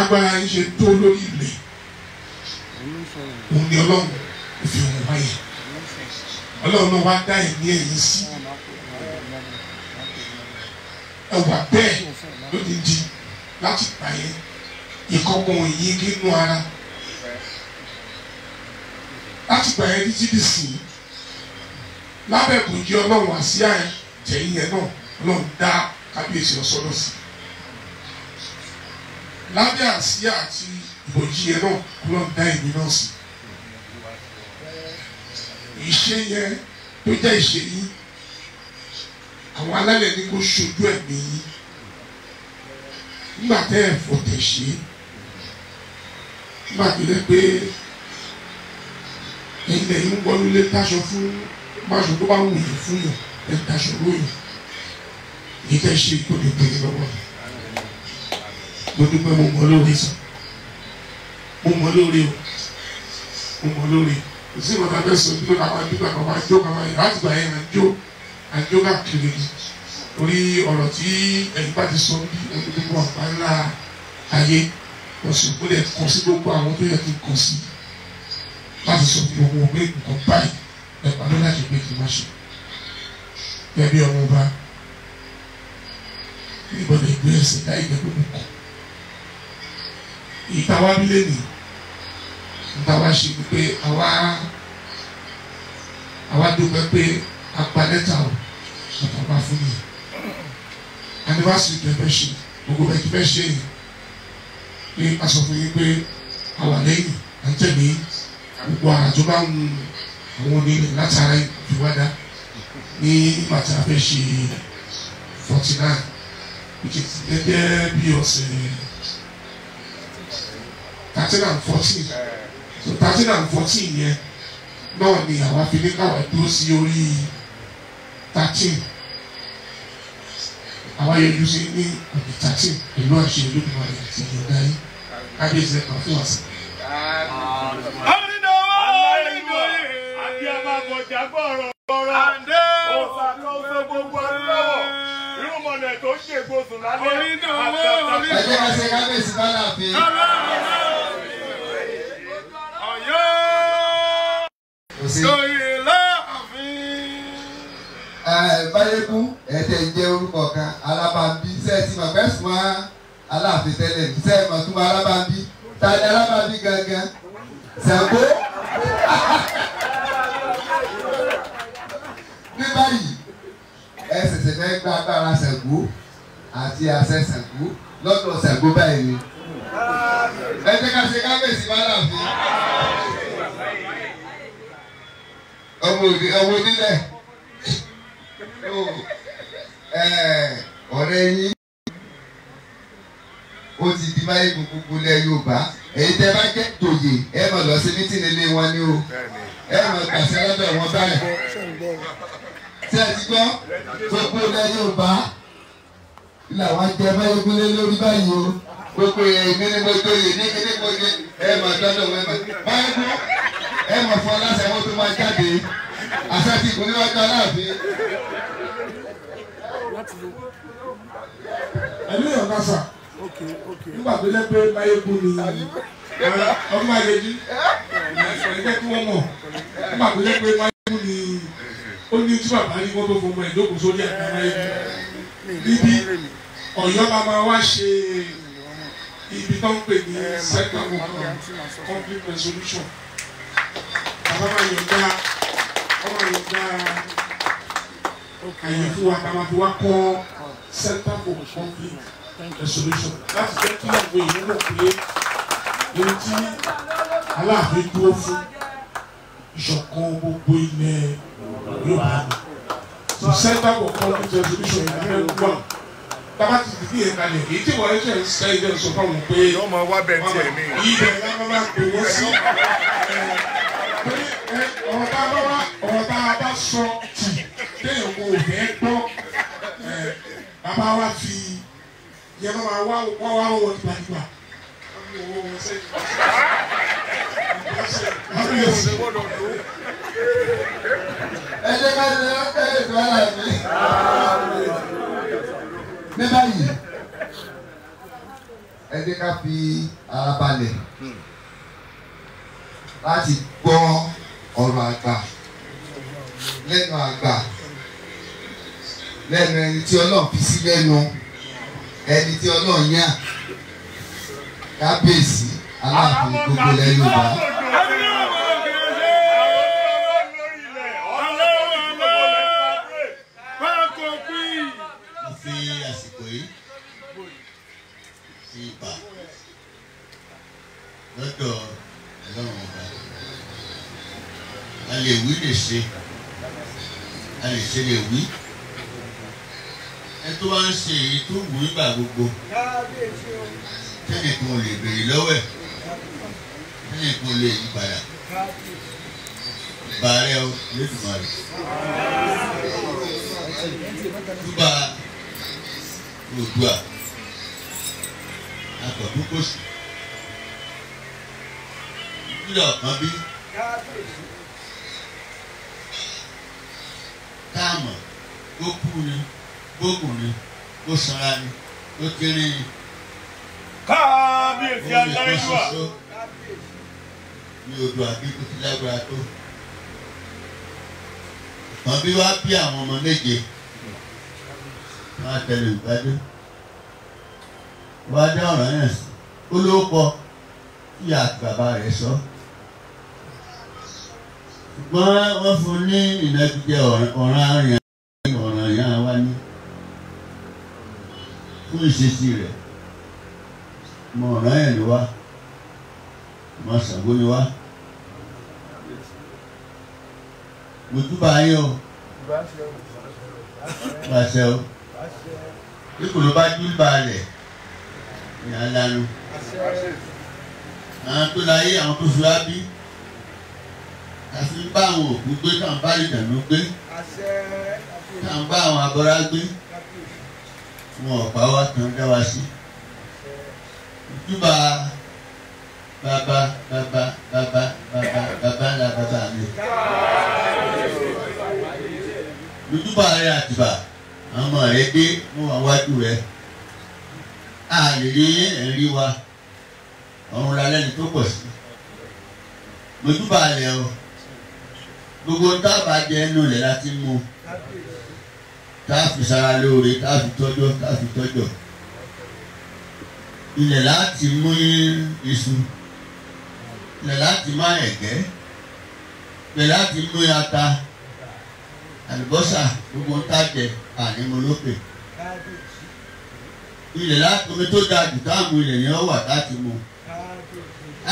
agbára ń ṣe tó lórí ilẹ̀ òun ni ọlọ́run fi hàn wáyé ọlọ́run wá dá ẹ̀mí ẹ̀yìn sí ẹwà bẹ́ẹ̀ lódìdí láti pààyẹ ìkọ̀kan òyìnbí nínú ara láti pààyẹ ní gdc lábẹ́ ìbòjì ọlọ́run àsíá jẹ̀yìn yẹn náà ọlọ́run dá kábíyèsí ọ̀sọ́dọ̀ sí lábẹ́ àsíá àti ìbòjì yẹn náà ọlọ́run dá èmi náà sí ìṣe yẹn tó jẹ́ ìṣe yìí àwọn alálẹ̀ ní kó ṣojú ẹ̀mí yìí nígbà tẹ́ ẹ̀ fọ̀tẹ̀ ṣe nígbà tó lẹ́ pé ilẹ̀ yìí ń wọlé lé táṣọ fún máṣọ tó bá wù yín fún yàn ẹ̀ táṣọ lóyún ní kẹ́ ṣe kó lè gbé yín lọ́wọ́ mo dúpẹ́ mo mọ lórí sàn mo mọ lórí o mo mọ lórí o sí ìwọ̀n tàbí ẹ̀sọ́ ìdúró àwọn ẹbí bàbá wa jó bàbá yìí láti gbà yẹn à ń jó à ń jó káàkiri yìí torí ọ̀rọ̀ tí ẹ̀yin bá ti sọ ní gbogbo àpáńlá ayé ọ̀sùn ó lè kàn sí gbogbo àwọn tó yẹ kí n kàn sí láti sọ fún gbogbo pé nǹkan báyìí ẹ̀pà ló láti gbé kí n má ṣe gẹ́gẹ́ ọmọ ọba ìgbọ́dọ̀ ìgbé ẹ̀sìn láì jẹ́ gbogbo kan ìtawá nílé nìyí ntawa ṣe pé àwa àwa dúpẹ́ pé apalẹ́ta o bàbá fún mi anniversary tẹ fẹ́ ṣe gbogbo bẹ́ẹ̀ tí fẹ́ ṣe yìí pé a sọ fún yín pé àwa lẹ́yìn à ń tẹ̀lé gbogbo àjọ bá ń àwọn onílẹ̀ látara ìwádà ní ìgbà a fẹ́ ṣe forty nine which is gẹ́gẹ́ bí ọ̀sẹ̀ thirteen and fourteen so thirteen and fourteen yẹn náà ni àwa fi ní káwa dúró sí orí thirteen àwa yẹjú sí ní àbíta sí ìlú àṣẹ olódùmarè àti ìyọ̀dá yìí kábíyèsí ẹ̀ka fún wa Ẹgbẹ́ ẹsẹ̀ kábíyèsí bá láàfin. Ọ̀yọ́. Sọ̀yẹ̀ láàfin. báyé kú ẹ̀tẹ̀ ń jẹ́ orúkọ kan alábàámbí sẹ́ẹ̀tì màgbẹ́sùn á aláàfin tẹ́lẹ̀ ní sẹ́ẹ̀ màtúmọ̀ alábàámbí tani alábàámbí gangan Ṣàngó. ní báyìí ẹ ṣẹ̀ṣẹ̀ fẹ́ gba agbára Ṣàngó àti àṣẹ Ṣàngó lọ́dọ̀ Ṣàngó báyìí ni ẹ jẹ́ ká ṣe kábíyèsí bá láàfin ọmọ òní ọmọ onílẹ̀ ọ̀rẹ́ yín ó ti di báyìí gbogbo lẹ Yorùbá èyí tẹ bá jẹ tòyè ẹ mọ lọ sí mítìnì ilé wọn ni o ẹ mọ gbàsẹ lọ́dọ̀ wọn báyìí tẹ ẹ ti gbọ́ gbogbo lẹ Yorùbá làwọn jẹ báyìí gúnlé lórí báyìí o gbogbo èmi ni mo tóye ní kíní mo jẹ ẹ mọ lọ́dọ̀ wọn báyìí gbọ́ ẹ mọ fún ọlọsẹ wọn tó máa jáde àṣà ti kùn níwájú Aláàfin. Àtìló. ẹlẹ́yìn ọ̀gá sà nígbà tó lẹ́ pé Máyégún ni ọmọ àlejò ẹgbẹ́ tí wọ́n mọ̀ nígbà tó lẹ́ pé Máyégún ni ó ní tí bàbá ní wọ́n tó fọmọ ìdókòó sórí ẹ̀ka Máyégún níbi Ọ̀yọ́ bá máa wá ṣe ibi tó ń pè ní sector conflict resolution bàbá máa yọ̀ǹda ọmọ yọ̀ǹda àyè fún wa káwọn fi wá kọ́ center for conflict resolution láti jẹ́ kí àwọn èèyàn mọ̀ pé ohun tí Aláàfin dúró fún ìṣọ̀kan gbogbo ilẹ̀ Yorùbá ni center for conflict resolution ìdájọ́ wà bàbá ti di yẹn kalẹ̀ èyí tí wọ́n ṣe ń ṣe ẹgbẹ́ sọ fún àwọn pé yóò máa wá bẹ́ẹ̀ tiẹ̀ ní. ibẹ̀ lábábá kò wọ́n sí ọ̀rọ̀ tá a bá wá ọ̀rọ̀ tá a bá sọ tì téèyàn kò fẹ́ gbọ́ bàbá wa fi yẹ bá máa wá wá wá wọ nígbàdìgbà. ẹ jẹ́ ká lè ẹ lè fẹ́ ara mi. ní báyìí ẹ jẹ́ ká fi ara balẹ̀ láti gbọ́ ọ̀rọ̀ àgbà lẹ́nu àgbà lẹ́nu ẹni tí ọlọ́run fi sí lẹ́nu ẹni tí ọlọ́run yàn kábíyèsí aláàfin gbogbo lẹ́yìn ọba. fi àsìkò yìí fi bà lọ́dọ̀ ẹlọ́run ọba a lè wí lè ṣe a lè ṣe lè wí ẹ tó wá ń ṣe èyí tó wù nígbà gbogbo tẹ́lẹ̀ kan lè béèrè lọ́wọ́ ẹ̀ tẹ́lẹ̀ kan lè yí padà bàárẹ̀ o lẹ́dùnmá rẹ̀ túbà òdùà akọ̀dúkọ̀sù ìpínlẹ̀ ọ̀kan bí. tá a mọ̀ bó kú ni bó kù ni bó sanra ni bó kéré ni. kábíyèsí aláìlúwà. mi ò dùn àbí kó ti lágbára tó. wọ́n bí wàá bí àwọn ọmọ méje wọ́n á tẹ̀lé ìgbádé wọ́n á dá ọ̀ràn yẹn ó ló kọ kí àgbàbá rẹ̀ sọ. So ṣùgbọ́n wọ́n fún ní ìdájíjẹ ọ̀ràn àyàn ọ̀ràn àyàn wa ní fún ìṣesí rẹ̀ mọ ọ̀ràn àyàn ni wá mọ ṣàgbó ni wá. mo túbà yín o pàṣẹ o ipò ló bá júbà rẹ̀ ìyá lanu àwọn tó láyé àwọn tó fi wá bí àti bá àwọn òkú gbé kà ń bá ìdànù gbé kà ń bá àwọn abọ́ra gbé wọn ọ̀pá wa kan dá wa sí. ojúbà bàbá bàbá bàbá bàbá bàbá ńlá bàbá mi. ojúbà rẹ àtìbà àwọn ọmọ rẹ dé mú wa wájú rẹ. a lè rí ẹ̀rí wa ọ̀run lálẹ́ ni tó pọ̀ sí. ojúbà rẹ o gbogbo tábà jẹ ẹnu rẹ̀ láti mú káàfi sara lóore káàfi tọ́jọ́ káàfi tọ́jọ́ ilẹ̀ láti mú iṣu ilẹ̀ láti má ẹ̀gẹ́ ilẹ̀ láti mú ata àlùbọ́sà gbogbo tájẹ ànímọ́lópè ilẹ̀ láti omi tó da jù táàmù ilẹ̀ ni wọ́n wà láti mú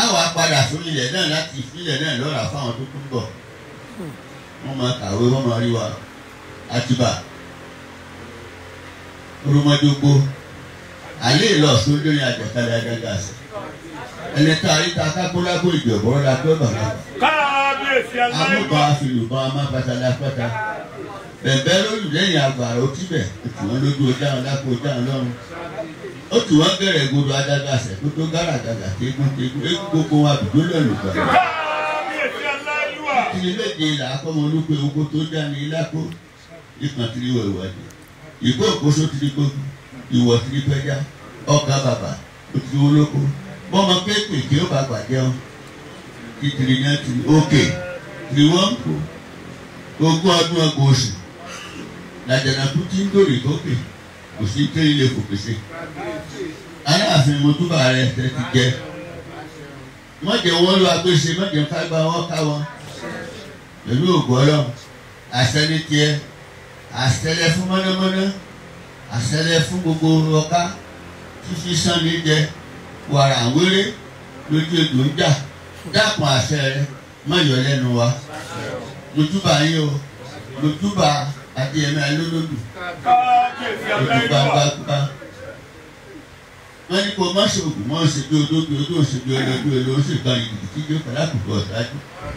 àwọn apadà fún ilẹ̀ náà láti ìfilẹ̀ náà lọ́ra fáwọn tó kún bọ̀ wọ́n máa kàwé wọ́n máa rí wa àtibá olùmọdógbó àlè lọ sódò ní àjọkalẹ̀ agágàsì ẹni tá a rí ta kápólágbó ìjọba ọ̀la tó bàbá amúba àfìlùbọn amábatala pátá bẹ̀bẹ̀ lólùdẹ́yìn àgbàrá ó tibẹ̀ òtù wọn lójú ọjà wọn lápò ọjà wọn lọ́rùn ó tù wọn bẹ̀rẹ̀ gbọdọ̀ adágbàsẹ̀ kótó gáràgàgà tégún tégún égún gbogbo wọn àdúgbò lọ́lùgbà ìkíni méje là á kọ́mọ olúkọ ewúko tó dá ní iláko ìkàn tiri wọ ìwádìí ìkó òkóso tiri gbogbo ìwọ tiri pẹja ọkà bàbà òtiri olóko bọ́mọ kéékèèké ó bá gbàjẹ́ ọ titiri ní ẹtiri òkè tiri wọ́n kò ogún ọdún ọgbọ̀n oṣù làjànàkú tí ń dòrè kókè kò sí kéyìn lè fòkèsè aláàfin mo túbà rẹ tẹ ti jẹ mọ̀jẹ̀ wọ́n lọ agbèsè mọ̀jẹ̀ ká gba wọn ká wọn pẹ̀lú ògo Ọlọ́run àṣẹ ní tiẹ̀ àṣẹlẹ̀ fún mọ́nàmọ́ná àṣẹlẹ̀ fún gbogbo ọká fífi sàn ní jẹ wàrà wéré lójú èdò ń jà dákun àṣẹ rẹ má yọ lẹ́nu wa lójúbà yín o lójúbà adéyẹmí alólòdù lójúbà gbàgbà wọ́n ní kó má ṣoògùn mọ́ ṣe bí olóbi ojú òṣèlú olóbi olóbi oṣù kan ìdìbò tí yóò fẹ́lá kò bọ̀ ṣáájú.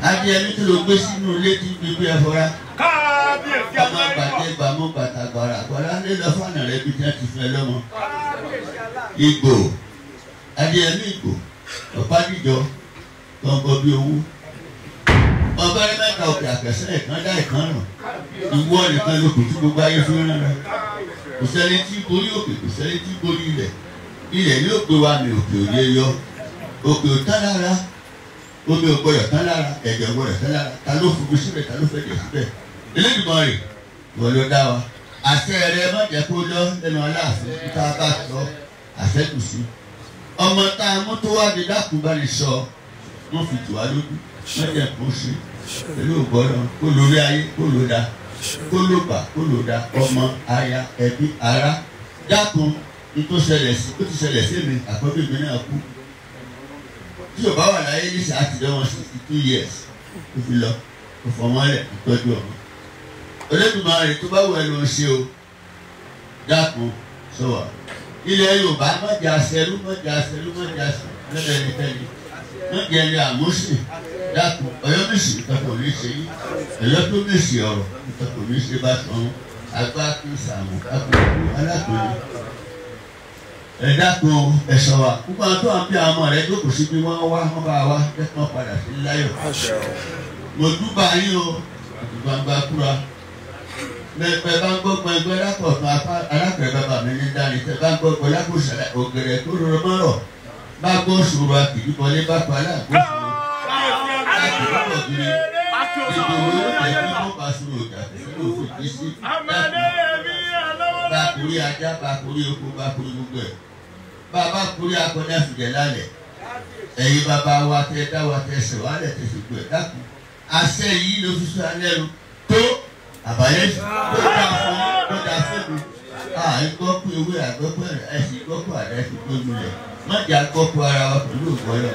adìẹ ní kí ló gbé sínú ilé tí ibi bí ẹfọra. káàbíyèsí ọmọ bàtẹ gbàmú bàtà gbàrà àgbàrá lé lọ fànà rẹ bí tẹ́ ti fẹ́ lọ́mọ. ìgbò adìẹ ní ìgbò ọ̀pádìjọ gbọ̀ngàn bí owó. ọba ẹ mẹ́ta òkè àkẹsẹ́ ìkan dá ìkan ràn ìwọ nìkan ló kù tí gbogbo ayé fi ń rán rẹ ilẹ̀ ní òpè wa mi òpè òye yọ òpè òtán lára omi ògbọ́dọ̀ tán lára ẹ̀jẹ̀ ògbọ́dọ̀ tán lára ta ló fi síbẹ̀ ta ló fẹ́ jẹ̀ síbẹ̀ elédìbọn rè wọ́n ló dá wa àṣẹ rẹ má jẹ́ kó lọ lẹ́nu aláàfin tá bá sọ àṣẹ kù sí ọmọ tá a mú tó wá di dákùnbalẹ̀ sọ wọ́n fi tù wá lójú má jẹ́ kó ṣe pẹ̀lú ògbọ́dọ̀ kó lórí ayé kó ló da kó ló bà kó ló da ọmọ aya ẹbí ará dákun ètò ṣẹlẹ̀ sí ó ti ṣẹlẹ̀ sí mi àkọ́bí mi náà kú tí o bá wà láyé níṣẹ́ àti dánwò sixty two years o fi lọ o fọmọ rẹ ìtọ́jú ọmọ olódùmarè rẹ tó bá wù ẹnu ṣe o dákun sọwọ ilẹ̀ Yorùbá mọ̀jà sẹ́lú mọ̀jà sẹ́lú mọ̀jà sẹ́lú lọ́dọ̀ ẹnikẹ́ni mọ̀jà ẹni àmúṣe dákun Ọ̀yọ́mèsì ìtọ́kọ̀ ní ṣe yí Ọ̀yọ́mèsì ọ̀rọ̀ ìtọ́kọ̀ ní ṣe bá sọ̀rọ̀ agbákin sàmù kakùnkùn alákùnrin ẹ̀dá kan ẹ̀sọ̀ wa púpọ̀ tó à ń bí àwọn ọmọ rẹ̀ jókòó síbi wọ́n wá wọ́n bá wa kẹ́kọ̀ọ́ padà sí láyọ̀. mo dúpọ̀ ayé o gbangba kúra mẹgbẹ bá ń gbọ́ gbẹgbẹ lápọ̀tàn alákẹ̀rẹ́ bàbá mi ní dání tẹ bá ń gbọ́ gbẹ lápòsàlẹ̀ ògèrè tó rọrọ mọ́rọ̀ bá gbọ́ sòrò àkìdíbọlé bá pa aláàgbọ́ sòrò bá sòrò bá kúrí ajá bá kúrí oko bá kúrí gbogbo ẹ̀ bá a bá kúrí akọni àfìjẹ́ lálẹ́ ẹ̀yin bàbá wa tẹ dá wa tẹ sẹ̀ wá lẹ̀ tẹ sọ̀gbọ́ ẹ̀ dákun àṣẹ yìí ló fi sọ alẹ́ lu tó àbáyé tó dá fún tó dá fún mi àìgbọ́kú ewé àgbọ́kú ẹ̀sìn gbọ́kú àdáyé tó gbójú rẹ̀ má jẹ́ àgbọ́kú ara wa pẹ̀lú ògbọ́ náà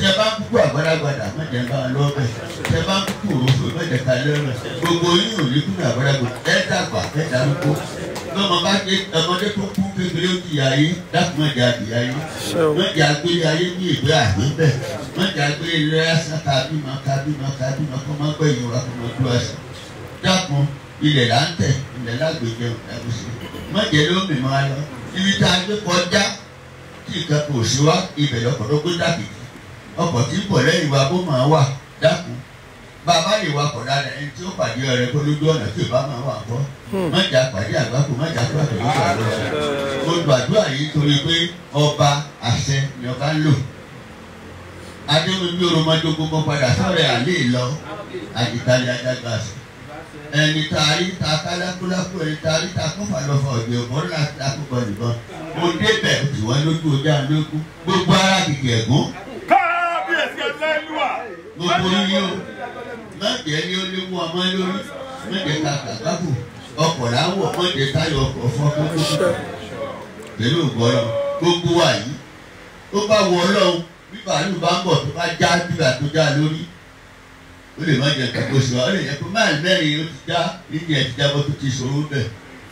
tẹ bá kúkú àgbàdàgbàdà mẹjẹ bá a lọ́bẹ̀ tẹ bá kúkú òròfò mẹjẹ ká lọ́rẹ̀ gbogbo yín ò ní kúkú àgbàdàgbàdà ẹ dàgbà ẹ dàrúkọ bọ́mọ bá gbé ọmọdé tó kú kékeré ó di ayé dákun ẹ̀jẹ̀ àdì ayé mọ̀jẹ̀ àgbé ayé ní ìgbé àgbé bẹ̀ mọ̀jẹ̀ àgbé ilé ẹ̀sán kábímọ kábímọ kábímọ kọ́ máa gbẹ̀yìn wa kọ́ máa dúró ẹ̀sán dákun ilẹ̀ là ń tẹ̀ ilẹ̀ lágbèjẹ ẹ̀gúsí mọ̀jẹ̀ ló mì máa lọ ibi tá a gbé kọjá tí nǹkan kò sí wa ibẹ̀ lọkọ̀ tó gbé dàbí ọkọ̀ tí ń bọ̀ lẹ́yìn wa bó máa wà dákun bàbá lè wa kọ̀ dáadáa ẹni tí ó pàdé ọ̀rẹ́ kó lójú ọ̀nà tí ìbá máa wà bọ́ hmm. má jà pàdé àgbákò má jà pàdé lójú àlọ́ rẹ̀ mo gbàdúrà yìí torí pé ọba àṣẹ ni ọba ń lò adéwìnbí oromadogun bọ́ padà sọ̀rọ̀ àlè lọ àdìtàlẹ̀ adágbà sí ẹni taari ta kálákúlákú ẹni taari ta kọfà lọfà ọ̀dẹ̀ ọ̀bọ̀n náà ta kúkọ nìkan mo débẹ̀ ìwà lójú ọjà gbogbo ara kìkì ẹ̀gún. káàbíyèsí ẹlẹ́lúwà. gbogbo yíyó mẹ́jẹ ni ó léwu ọmọ lórí mẹ́jẹ ta kàkàbù ọkọ̀ láwọ̀ mẹ́jẹ táyọ̀ ọkọ̀ fọ́kọ́ pẹ̀lú ìgbọ́yọ̀ gbogbo wa yìí ó bá wọ ọlọ́run bí bàálù bá ń bọ̀ tó bá já bíbà tó já lórí ó lè má jẹ nǹkan oṣù wa ó lè jẹ pé máàlì mẹ́rin ó ti já níbi ẹ̀ ti já bọ́ tó ti ṣòro bẹ̀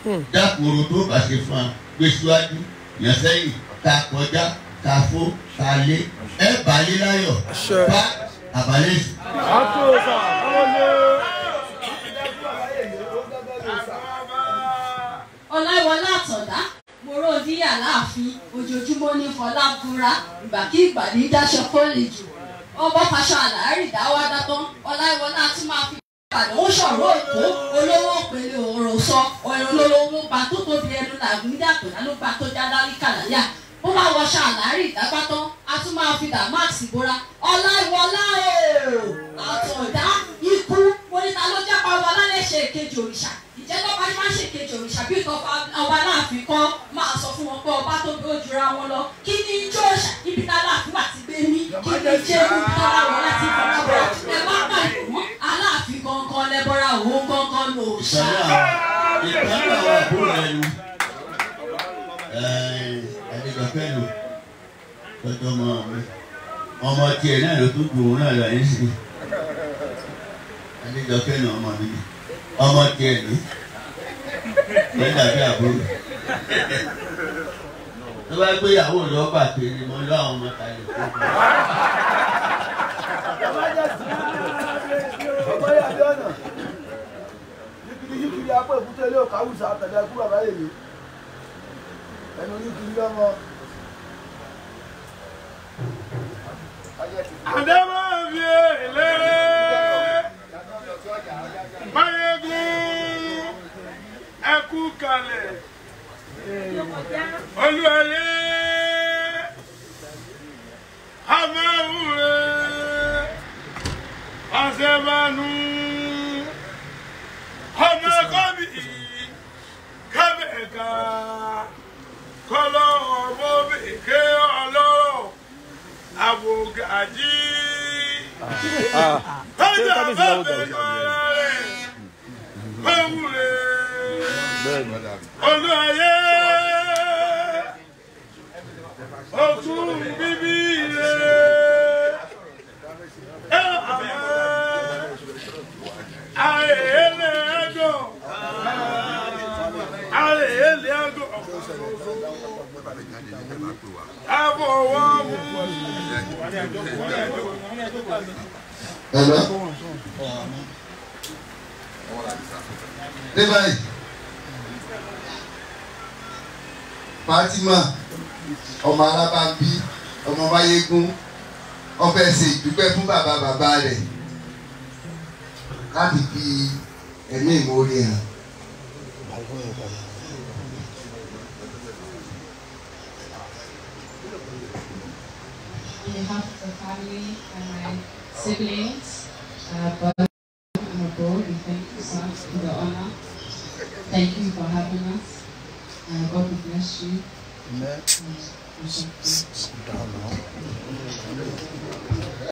hmm. dákòrò tó bá ṣe fún wa gbé síwájú yàn ta kọjá ta fó ta lé ẹ bàálé láyọ̀ bá àbálẹ́ àtúnṣà ọlọ́lẹ́. ọláìwọlá àtọ̀dá moro oníyà láàfin ojoojúmọ́ ní fọlá búra ìgbàkígbà ní dáṣọ kọ́lẹ́jì ọmọ faṣọ àlàárì dáwọ́ dátán ọláìwọlá tún máa fi ìbàdàn ó ṣọ̀rọ̀ èkó olówó òpèlè òrò sọ ọ̀rọ̀ olówó mú pa tó tóbi ẹnu làgùn ní àpòyá ló pa tó já láríkà láyà bó bá wọṣọ àlárí ìdábátán a tún máa fi damax ìbora ọláìwọlá o àtọ̀dá ikú mo ló jápa ọba alálẹ̀ ṣe èkejì òrìṣà ìjẹ́ tọ́ba ní ṣe èkejì òrìṣà bí ìtọ́ba ọba aláàfin kọ́ máa sọ fún wọn pé ọba tó bí ó jura wọn lọ kí ni ijó òṣà ibi tá aláàfin wà ti gbé ní kí ni ijé ibi tá aláwọ̀ láti fọwọ́ bọ̀ bá pa ìlú aláàfin fẹ́ lò tọ́jú ọmọ mi ọmọ tiẹ̀ náà ló tún dùn òun náà lọ yín sí adéjọkẹ́ náà ọmọ mi ọmọ tiẹ̀ ní ló dàbí àbúrò tó bá gbé ìyàwó lọ bàtẹ́ ni mo lọ àwọn ọmọ ta lè kó apá èkúté ilé ọ̀kà awùsà àtàlẹ́ akúrò àbáyé yìí ẹnu yìí kiri ọmọ. àdámọ̀ fi èlé máyégún ẹkú kalẹ̀ olúwarẹ̀ amáwúrẹ̀ ọ̀sẹ̀bánú ọmọ kọ́bí kẹ́bẹ̀ẹ́ka wo gàjí. ọjà bẹ́ẹ̀ bẹ́ẹ̀ mọ̀wúre olóyè òtún bíbí rẹ̀ ẹ̀ àmọ́ àyè. Hello. Ní báyìí, Fatima, ọmọ arábàbí, ọmọ Báyégún, ọbẹ̀ ṣe ìdúpẹ́ fún bàbá bàbá rẹ̀ láti fi ẹ̀mí ìmoore hàn. on behalf of the family and my siblings, uh, both and abroad, we thank you, much for the honor. Thank you for having us. Uh, God bless you. Amen.